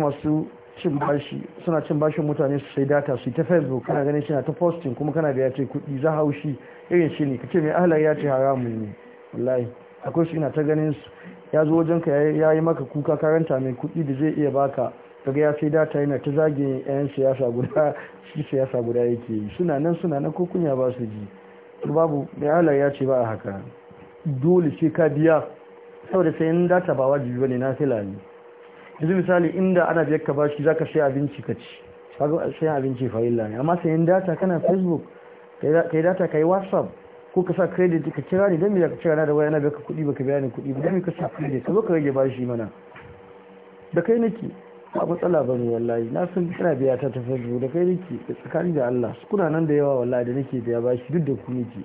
masu cin bashi suna cin bashin mutane su sai data su ta facebook kana ganin shi na ta posting kuma kana da ya ce kuɗi za haushi irin shi ne ka ce mai ahalar ya ce haramun ne wallahi akwai shi na ta ganin su ya zo wajen ka ya yi maka kuka karanta mai kuɗi da zai iya baka kaga ya sai data yana ta zage yan siyasa guda [laughs] shi siyasa guda yake yi suna nan suna nan ko kunya ba su ji babu mai ahalar ya ce ba a haka dole sai ka biya saboda sayan data ba wajibi bane na fila ne yanzu misali inda ana biyar ka bashi zaka sai abinci ka ci kaga sayan abinci fa'ila ne amma sayan data kana facebook kai data kai whatsapp ko ka sa credit ka kira ni dan me ka kira na da waya na kudi kuɗi baka biya ni kuɗi ba dan ka sa credit ka zo ka rage bashi mana da kai nake ba matsala ba ne wallahi na san kira biya ta ta facebook da kai nake da tsakani da Allah su kuna nan da yawa wallahi da nake biya bashi duk da ku nake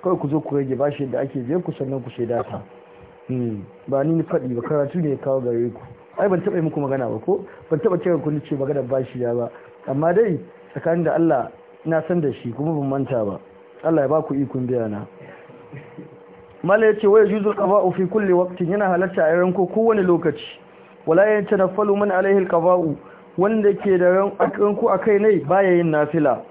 kawai ku zo ku rage bashi da ake biyan ku sannan ku sai data Hmm. ba ni ni faɗi ba karatu ne ya kawo gare ku ai ban taɓa yi muku magana ba ko ban taɓa cewa kun ce magana ba shi da ba amma dai tsakanin da Allah na san da shi kuma ban manta ba Allah ya ba ku ikon biya na mala yace waya juzul qada'u fi kulli waqtin yana halatta a ko-ko kowane lokaci wala ya yatanaffalu man alaihi alqada'u wanda ke da ku akai ne baya yin nafila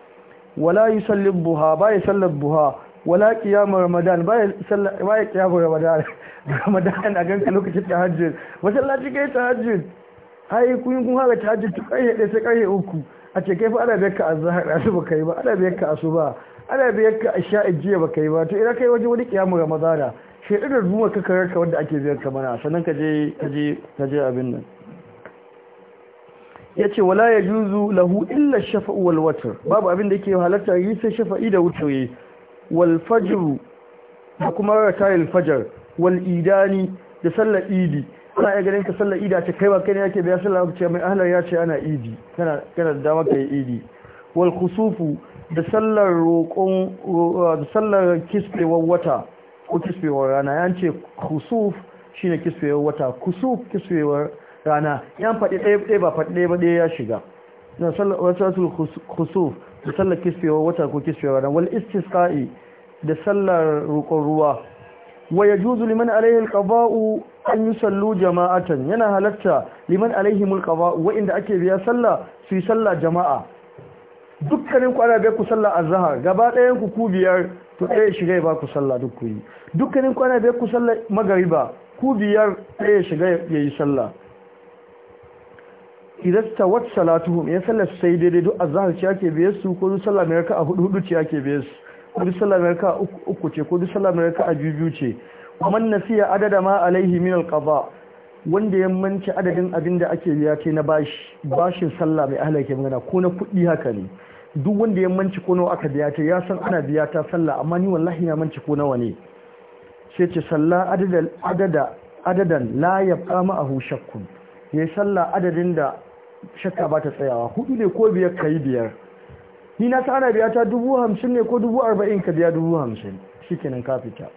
wala yusallibuha baya sallabuha wala kiyamun ramadan ya kiyamun ramadan [laughs] ramadan a ganka lokacin wasu lati kai tahajjud ai kun kun haka hajji tun karhe ɗaya sai karhe uku a ce kai fa ana biyar ka da su ba kai ba ana biyar ka ba ana biyar ka isha jiya ba kai ba to ina kai waje wani kiyamun ramadan shi da zuwa ka karar ka wanda ake biyar ka mana sannan ka je ka je ka je abin nan yace wala juzu lahu illa shafa'u wal watr babu abin da ke halatta yi sai shafa'i da wutri wal fajr da kuma rakayil fajr wal idani da sallar idi kana ya ganin ka sallar idi a ce kai ba kai ne yake biya sallar ku ce mai ahlar ya ce ana idi kana kana da dama kai idi wal khusufu da sallar roƙon da sallar kisbewar wata ko kisbewar rana ya ce khusuf shine kisbewar wata kusuf kisbewar rana ya faɗi ɗaya ba faɗi ɗaya ba ɗaya ya shiga na sallar wasu khusuf da sallar kisbewar wata ko kisbewar rana wal istisqa'i da sallar roƙon ruwa wa ya juzu liman alaihi alqaba'u an yusallu jama'atan yana halatta liman alaihi alqaba'u wa inda ake biya sallah su yi sallah jama'a dukkanin ku ana biya ku sallah azhar gaba ɗayan ku ku biyar to ɗaya shiga ya ba ku sallah duk ku yi dukkanin ku ana biya ku sallah magariba ku biyar ɗaya shiga ya yi sallah idan ta wata salatuhum ya sallar sai daidai duk azhar ce ake biyar su ko sallah mai a hudu hudu ce ake biyar su ko duk sallah mai a uku ce ko duk mai biyu ce adada ma alaihi min wanda ya manci adadin abin da ake biya ce na bashin sallah mai ahla ke magana ko na kuɗi haka ne duk wanda ya manci ko nawa aka biya ta ya san ana biya ta sallah amma ni wallahi ya manci ko nawa ne sai ce sallah adadan la adadan kama a hushakku ya yi sallah adadin da shakka ba ta tsayawa hudu ne ko biyar ka yi biyar ni na tsara biya ta dubu hamsin ne ko dubu arba'in ka biya dubu hamsin shi kenan ka fita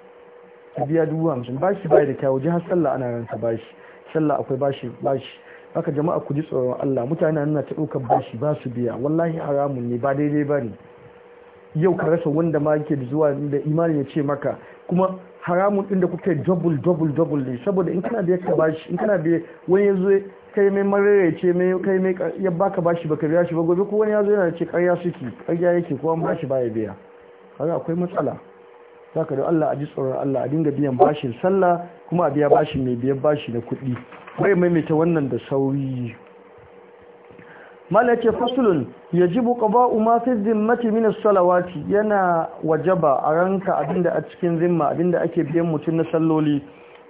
ka biya dubu hamsin ba shi bai da kyawu jihar sallah ana ransa ba shi sallah akwai ba shi ba shi haka jama'a ku ji tsoron Allah mutane na ta ɗaukar ba shi ba su biya wallahi haramun ne ba daidai ba ne yau ka rasa wanda ma yake zuwa da imani ya ce maka kuma haramun ɗin da kuka double double double ne saboda in kana biya ka ba shi in kana biya wani ya zo kai mai ce mai kai mai ya baka bashi baka biya shi ba gobe ko wani ya zo yana ce karya suke karya yake ko an bashi baya biya kaga akwai matsala za ka da Allah a ji tsoron Allah a dinga biyan bashin sallah kuma a biya bashin mai biyan bashi na kuɗi bai maimaita wannan da sauri mala ce fasulun buka ba ma fi zimmati min mina salawati yana wajaba a ranka abinda a cikin zimma abinda ake biyan mutum na salloli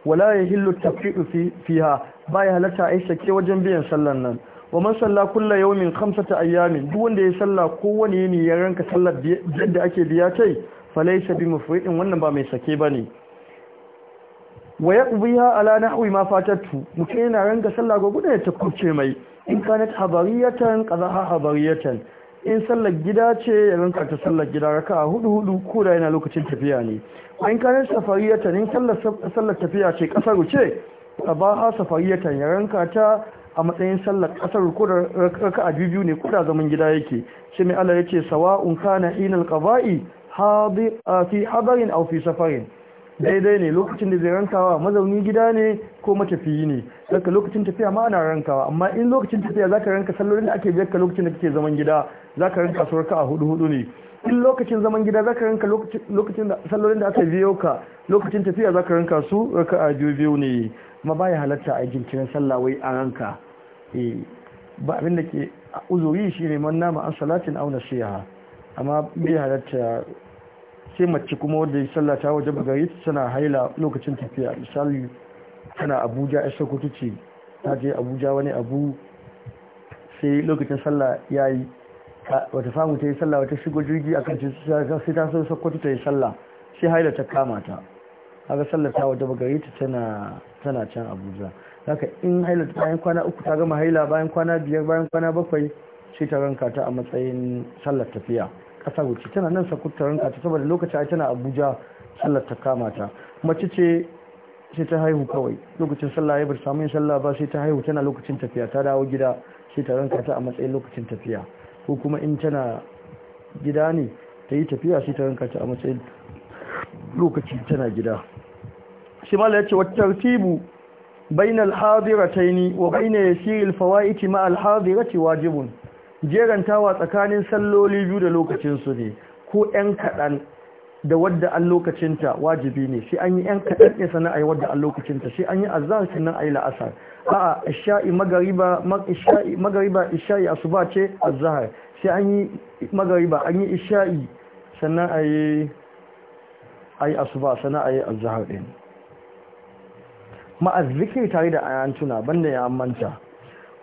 wala ya yahillu tafriqu fiha baya halatta a yi sake wajen biyan sallan nan wa man salla kulla yawmin khamsata ayyamin duk wanda ya salla kowane yini ya ranka sallar yadda ake biya tai laysa bi mufridin wannan ba mai sake bane wa yaqbiha ala nahwi ma fatatu mutum yana ranka sallah ga gudu ya takurce mai in kanat habariyatan qadaha habariyatan in sallar gida ce ya ranka ta sallar gida raka hudu hudu ko da yana lokacin tafiya ne in kanat safariyatan in sallar sallar tafiya ce kasar ce a safariyatan ya ranka ta a matsayin sallar kasar ko a raka'a biyu ne kuda zaman gida yake shi mai Allah yace sawa'un kana inal qaba'i fi hadarin aw fi safarin daidai ne lokacin da zai rankawa mazauni gida ne ko matafiyi ne saka lokacin tafiya ma ana rankawa amma in lokacin tafiya zaka ranka sallolin da ake biyar ka lokacin da kake zaman gida zaka ranka su a hudu hudu ne in lokacin zaman gida zaka ranka lokacin da sallolin da aka biyo ka lokacin tafiya zaka ranka su raka a biyu biyu ne ba ya halatta a jinkirin sallah wai a ranka eh, ba abin da ke uzuri ne man nama an salatin auna shiya amma bai halatta sai mace kuma wadda ya sallata waje bagari tana haila lokacin tafiya misali tana abuja ya sokoto ce ta je abuja wani abu sai lokacin sallah ya yi wata samu ta yi sallah wata shigo jirgi a kan sai ta so sokoto ta yi sallah sai haila ta kama ta haka sallah ta waje bagari tana tana can abuja haka in haila ta bayan kwana uku ta gama haila bayan kwana biyar bayan kwana bakwai sai ta ranka ta a matsayin sallar tafiya kasa wuce tana nan sakuttarin ta saboda lokacin ai tana abuja sallar ta kama ta mace ce sai ta haihu kawai lokacin sallah ya bar samu yin sallah ba sai ta haihu tana lokacin tafiya ta dawo gida sai ta ranka ta a matsayin lokacin tafiya ko kuma in tana gida ne ta yi tafiya sai ta ranka ta a matsayin lokacin tana gida shi mala ya ce wata tartibu bainal hadirataini wa bainal yasiril fawaiti ma al hadirati wajibun jerantawa tsakanin salloli biyu da lokacinsu ne ko 'yan kaɗan da wadda an lokacinta wajibi ne sai an yi 'yan kaɗan ne sana a yi wadda an lokacinta sai an yi azhar sannan a yi la'asar a'a a magariba isha'i magariba isha'i asuba ce azhar sai an yi magariba an yi isha'i sannan a yi a asuba sannan a yi azhar ɗin. ma'azzikir tare da ayantuna banda ya manta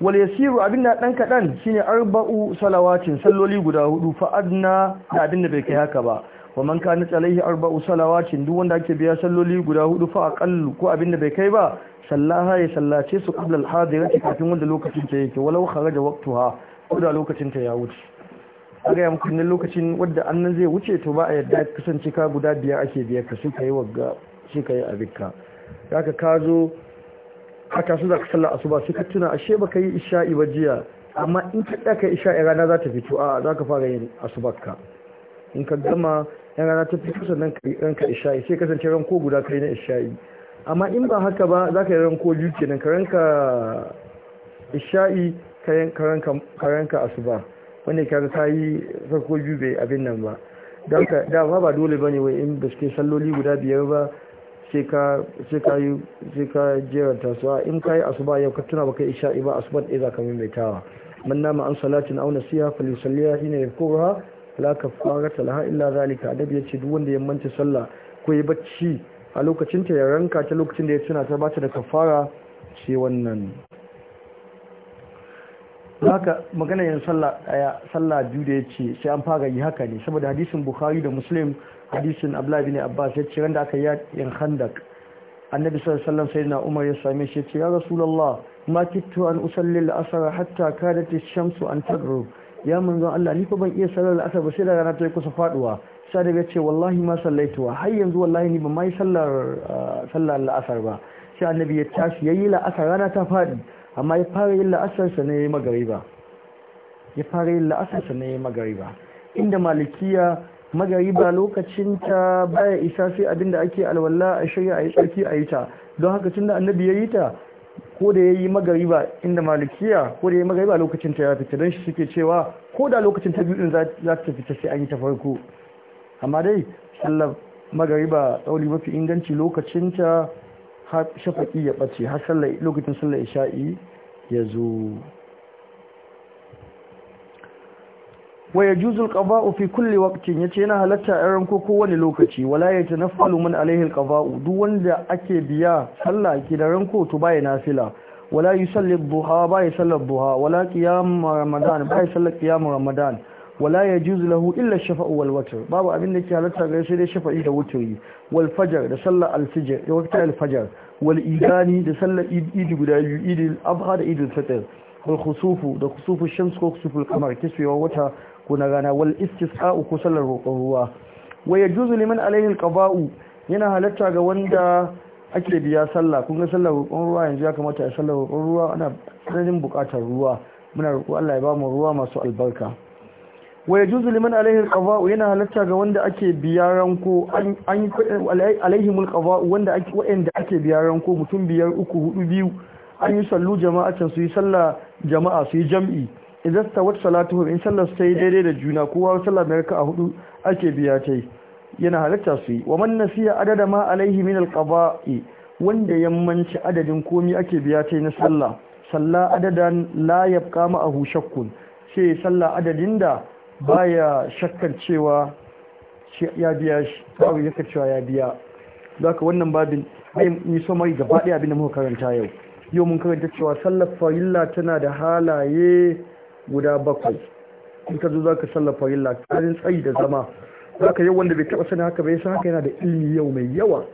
wal yasiru abin da dan kadan shine arba'u salawatin salloli guda hudu fa adna da abin da bai kai haka ba wa man kana alaihi arba'u salawatin duk wanda ake biya salloli guda hudu fa aqallu ko abin da bai kai ba sallaha ya sallace su qabla al-hadirati kafin wanda lokacin ta yake walau kharaja waqtuha ko da lokacin ta ya wuce a gaya ne lokacin wadda annan zai wuce to ba a yadda kasance ka guda biya ake biyar ka shi kai yi wagga shi ka yi abinka ka zo haka su za ka sallar asuba sai ka tuna ashe baka yi isha'i ba jiya amma in ka ɗaka isha'i rana za ta fito a za ka fara yin ka in ka gama yan rana ta fito sannan ka yi ranka isha'i sai kasance ranko guda kai na isha'i amma in ba haka ba za ka yi ranko biyu kenan ka ranka isha'i ka ranka asuba wanda ka ta yi farko biyu bai abin nan ba don ka dama ba dole ba ne wai in ba su salloli guda biyar ba sai ka yi ta su a in ka yi asuba yau ka tuna baka isha ba asuban ɗaya za ka maimaitawa man nama an salatin auna siya falisalliya shi ne yafkurha la fara talaha illa zalika adabi ce duk wanda ya manta sallah ko ya bacci a lokacin ta ya ranka ta lokacin da ya tuna ta bata da kafara ce wannan haka magana yin sallah daya sallah biyu da ya ce sai an fara yi haka ne saboda hadisin bukhari da muslim hadisin abdullahi bin abbas ya ce randa aka yi yakin khandak annabi sallallahu alaihi wasallam sayyidina umar ya same shi ya ce ya rasulullah ma kittu an usalli al-asr hatta kadat ash-shamsu an taghrib ya manzo Allah ni ko ban iya sallar al-asr ba sai da rana ta kusa faduwa sai ya ce wallahi ma sallaituwa har yanzu wallahi ni ba mai sallar ah, sallar al-asr ba sai annabi ya tashi yayi la'asar rana ta fadi amma ya fara yin la'asarsa na ne magariba ya fara yin ne magariba inda malikiya magari ba lokacin ta baya isa sai abin da ake alwala a shirya a yi tsarki a yi ta don haka tun da annabi ya yi ta ko da ya yi magariba inda malikiya ko da ya yi magariba lokacin ta ya fita don shi suke cewa ko da lokacin ta biyu din za ta fita sai an yi ta farko amma dai sallar magariba tsauri mafi inganci lokacin ta shafaƙi ya ɓace har lokacin sallar isha'i ya zo wa yajuzu alqada'u fi kulli waqtin yace yana halatta a ranko kowane lokaci wala yatanaffalu min alaihi alqada'u duk wanda ake biya sallah ke da ranko to baya nafila wala yusalli duha baya sallar duha wala qiyam ramadan baya sallar qiyam ramadan wala yajuzu lahu illa shafa'u wal watr babu abin da ke halatta ga sai dai shafa'i da wuturi wal fajr da sallar al-fajr da waqtar al-fajr wal idani da sallar idi guda biyu idil adha da idil fitr wal khusufu da khusufu shams ko khusufu al-qamar wata ko na gana wal istisqa'u ko sallar roƙon ruwa wa yajuzu liman alayhi alqaba'u yana halatta ga wanda ake biya sallah kun ga sallar roƙon ruwa yanzu ya kamata a sallar roƙon ruwa ana tsananin buƙatar ruwa muna roƙo Allah ya ba mu ruwa masu albarka wa yajuzu liman alayhi alqada'u yana halatta ga wanda ake biya ranko an alayhi alqada'u wanda ake wanda ake biya ranko mutum biyar uku hudu biyu an yi sallu jama'atan su yi sallah jama'a su yi jam'i idan wata salatu in sallar sai daidai da juna kowa sallar da a hudu ake biya ta yana halatta su yi wa man nasiya adada ma alaihi min alqaba'i wanda yammanci adadin komi ake biya ta na sallah salla adadan la yabqa a shakkun sai salla adadin da baya shakkar cewa ya biya shi ya yaka cewa ya biya zaka wannan babin ai ni so mai gaba daya abin da muka karanta yau yau mun karanta cewa sallar farilla tana da halaye guda bakwai in ka zo za ka sallar farilla tsarin tsayi da zama za ka yau wanda bai taɓa sani haka bai san haka yana da ilimi yau mai yawa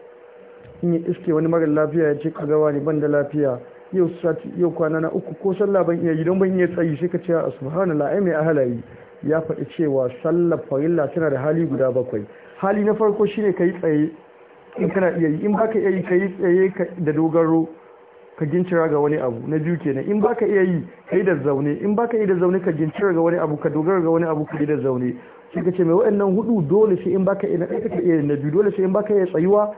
in ya iske wani mara lafiya ya ce kagawa ne ban da lafiya yau sati yau kwana na uku ko sallah ban iya idan ban iya tsayi sai ka ce a subhanallah ai mai ahalayi ya faɗi cewa sallar farilla tana da hali guda bakwai hali na farko shine kai tsaye in kana iya yi in baka iya yi kai tsaye da dogaro ka gincira ga wani abu na biyu kenan in baka iya yi kai da zaune in baka iya da zaune ka gincira ga wani abu ka dogara ga wani abu ka da zaune sai ka ce mai waɗannan hudu dole sai in baka iya kake iya na biyu dole sai in baka iya tsayuwa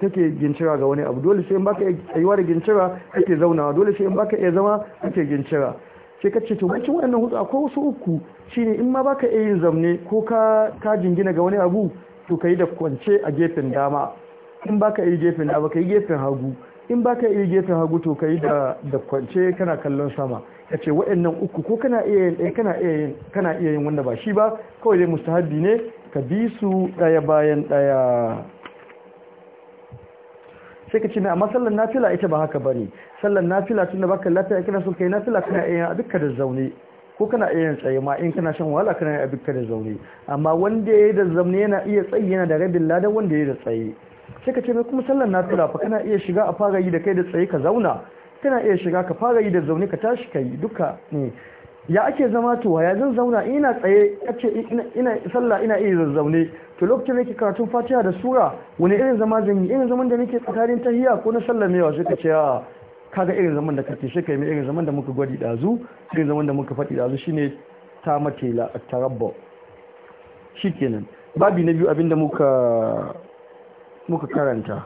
take gincira ga wani abu dole sai in baka iya tsayuwa da gincira take zaunawa dole sai in baka iya zama take gincira sai ka ce to wancan waɗannan hudu akwai wasu uku shine in ma baka iya yin zaune ko ka ka jingina ga wani abu to ka yi da kwance a gefen dama in baka iya gefen dama yi gefen hagu in ba ka iya gefen hagu to ka yi da kwance kana kallon sama ya ce waɗannan uku ko kana iya yin ɗaya kana iya yin wanda ba shi ba kawai dai mustahabi ne ka bi su ɗaya bayan ɗaya sai ka ce na amma sallan nafila ita ba haka bane sallan nafila tunda baka lafiya kana son kai nafila kana iya a dukkan da zaune ko kana iya yin tsaye ma in kana shan wahala kana iya dukkan da zaune amma wanda yi da zaune yana iya tsaye yana da rabin ladan wanda yi da tsaye sai ka ce mai kuma sallar tura fa kana iya shiga a fara yi da kai da tsaye ka zauna kana iya shiga ka fara yi da zaune ka tashi ka yi duka ne ya ake zama tuwa ya zan zauna ina tsaye ce ina sallah ina iya zazzaune to lokacin da ke karatun fatiha da sura wani irin zama zan yi irin zaman da nake tsakanin tahiya ko na sallar mewa sai ka ce a kaga irin zaman da kake sai ka yi irin zaman da muka gwadi dazu irin zaman da muka faɗi dazu shine ta matela la tarabbu shikenan babi na biyu abinda muka muka karanta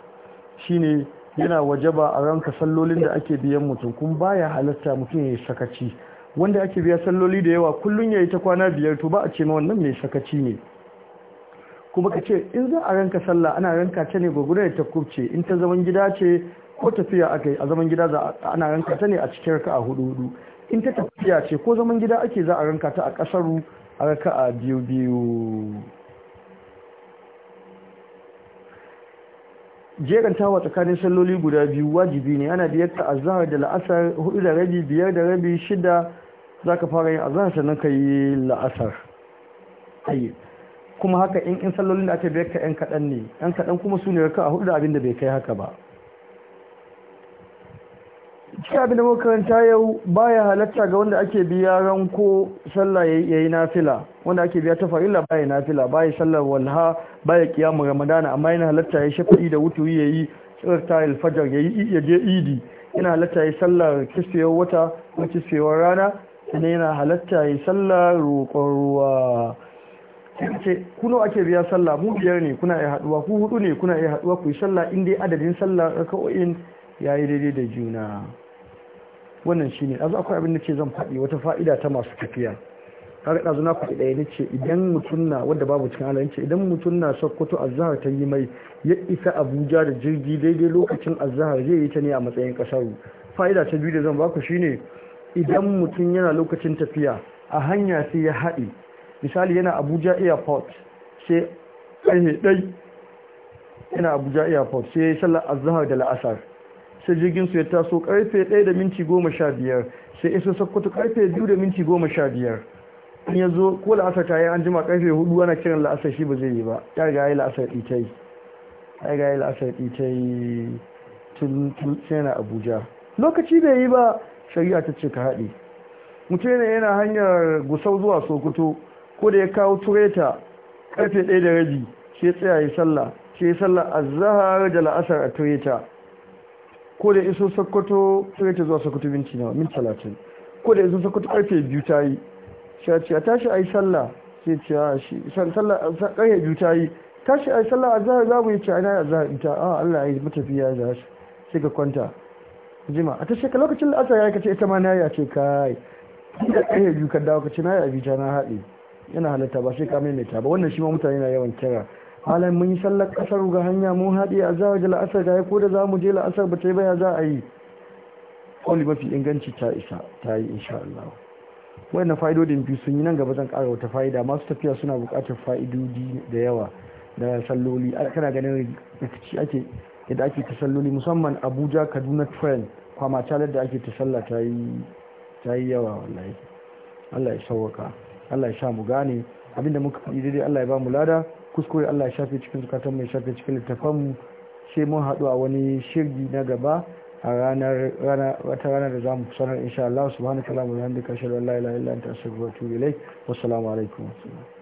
shine yana waje ba a ranka sallolin da ake biyan mutum kun baya halatta mutum ya yi sakaci wanda ake biya salloli da yawa kullum ya yi ta kwana biyar to ba a ce ma wannan mai sakaci ne kuma ka ce in za a ranka sallah ana ranka ta ne gwagwunar ta kubce in ta zaman gida ce ko tafiya aka yi a zaman gida ana ranka ta ne a cikin raka a hudu hudu in ta tafiya ce ko zaman gida ake za a ranka ta a kasaru a raka a biyu biyu jerantawa tsakanin salloli guda biyu wajibi ne ana biyar ta azahar da la'asar hudu da rabi biyar da rabi shida za ka fara yin azahar sannan ka yi la'asar ayi kuma haka in in sallolin da aka biyar ka yan kaɗan ne yan kaɗan kuma su ne raka a hudu da abin da bai kai haka ba shi abin da makaranta yau baya halatta ga wanda ake biya ranko sallah yayi nafila wanda ake biya ta farilla baya nafila baya sallar walha baya kiyamu ramadana amma yana halatta ya shafa'i da wuturi yayi tsirta alfajar yayi ya je idi yana halatta ya sallar kisfiyar wata ko kisfiyar rana sannan yana halatta ya sallar roƙon ruwa ce kuno ake biya sallah mu biyar ne kuna iya haduwa ku hudu ne kuna iya haduwa ku yi sallah in dai adadin sallah raka'o'in yayi daidai da juna wannan shi ne azu akwai abin da ce zan faɗi wata fa'ida ta masu tafiya kaga ɗazu na kuɗi ɗaya ce idan mutum na wanda babu cikin ala ce idan mutum na sokoto azhar ta yi mai ya isa abuja da jirgi daidai lokacin azhar zai yi ta ne a matsayin ƙasar fa'ida ta biyu da zan baku ne idan mutum yana lokacin tafiya a hanya sai ya haɗe misali yana abuja airport sai ƙarfe ɗai yana abuja airport sai sallar da la'asar sai jirgin su ya taso karfe 1 da minti 15 sai iso sakkwato karfe 2 da minti 15 in ya zo ko la'asar ta yi an jima karfe 4 ana kiran la'asar shi ba zai yi ba ya ga la'asar ita yi ya la'asar ita yi tun tsena abuja lokaci bai yi ba shari'a ta ce ka haɗe mutum yana hanyar gusau zuwa sokoto ko da ya kawo tureta karfe 1 da rabi sai tsaya ya sallah sai sallah zahar da la'asar a tureta ko da iso sokoto sai ta zuwa sokoto minti nawa min talatin ko da iso sokoto karfe biyu ta yi sai ce a tashi a yi sallah sai ce a shi sallah karfe biyu ta yi tashi a yi sallah a zahar za mu yi ce a ina a zahar ita a Allah ya yi matafiya da shi sai ka kwanta jima a tashi ka lokacin da asa ya kace ita ma na ya ce kai da karfe biyu ka dawo ka ce na yi a ta na haɗe yana halatta ba sai ka maimaita ba wannan shi ma mutane na yawan kira halan mun yi sallar kasar ga hanya mun haɗe a a da la'asar ga ya ko da za mu je la'asar ba ta yi baya za a yi kawai mafi inganci ta isa ta yi insha Allah na fa'idodin biyu sun yi nan gaba zan ƙara wata fa'ida masu tafiya suna buƙatar fa'idodi da yawa da salloli kana ganin rikici ake yadda ake ta salloli musamman abuja kaduna trail kwama calar da ake ta salla ta yi yawa wallahi allah ya sauwaka allah ya sha mu gane abinda muka faɗi daidai allah ya ba mu lada kuskure Allah ya shafe cikin zukatan mai shafe cikin littafan mu sai mun haɗu a wani shirgi na gaba a ranar wata ranar da za mu sanar insha Allah subhanahu wa ta'ala mu hamdika kashe la ilaha illa anta astaghfiruka wa atubu wassalamu alaikum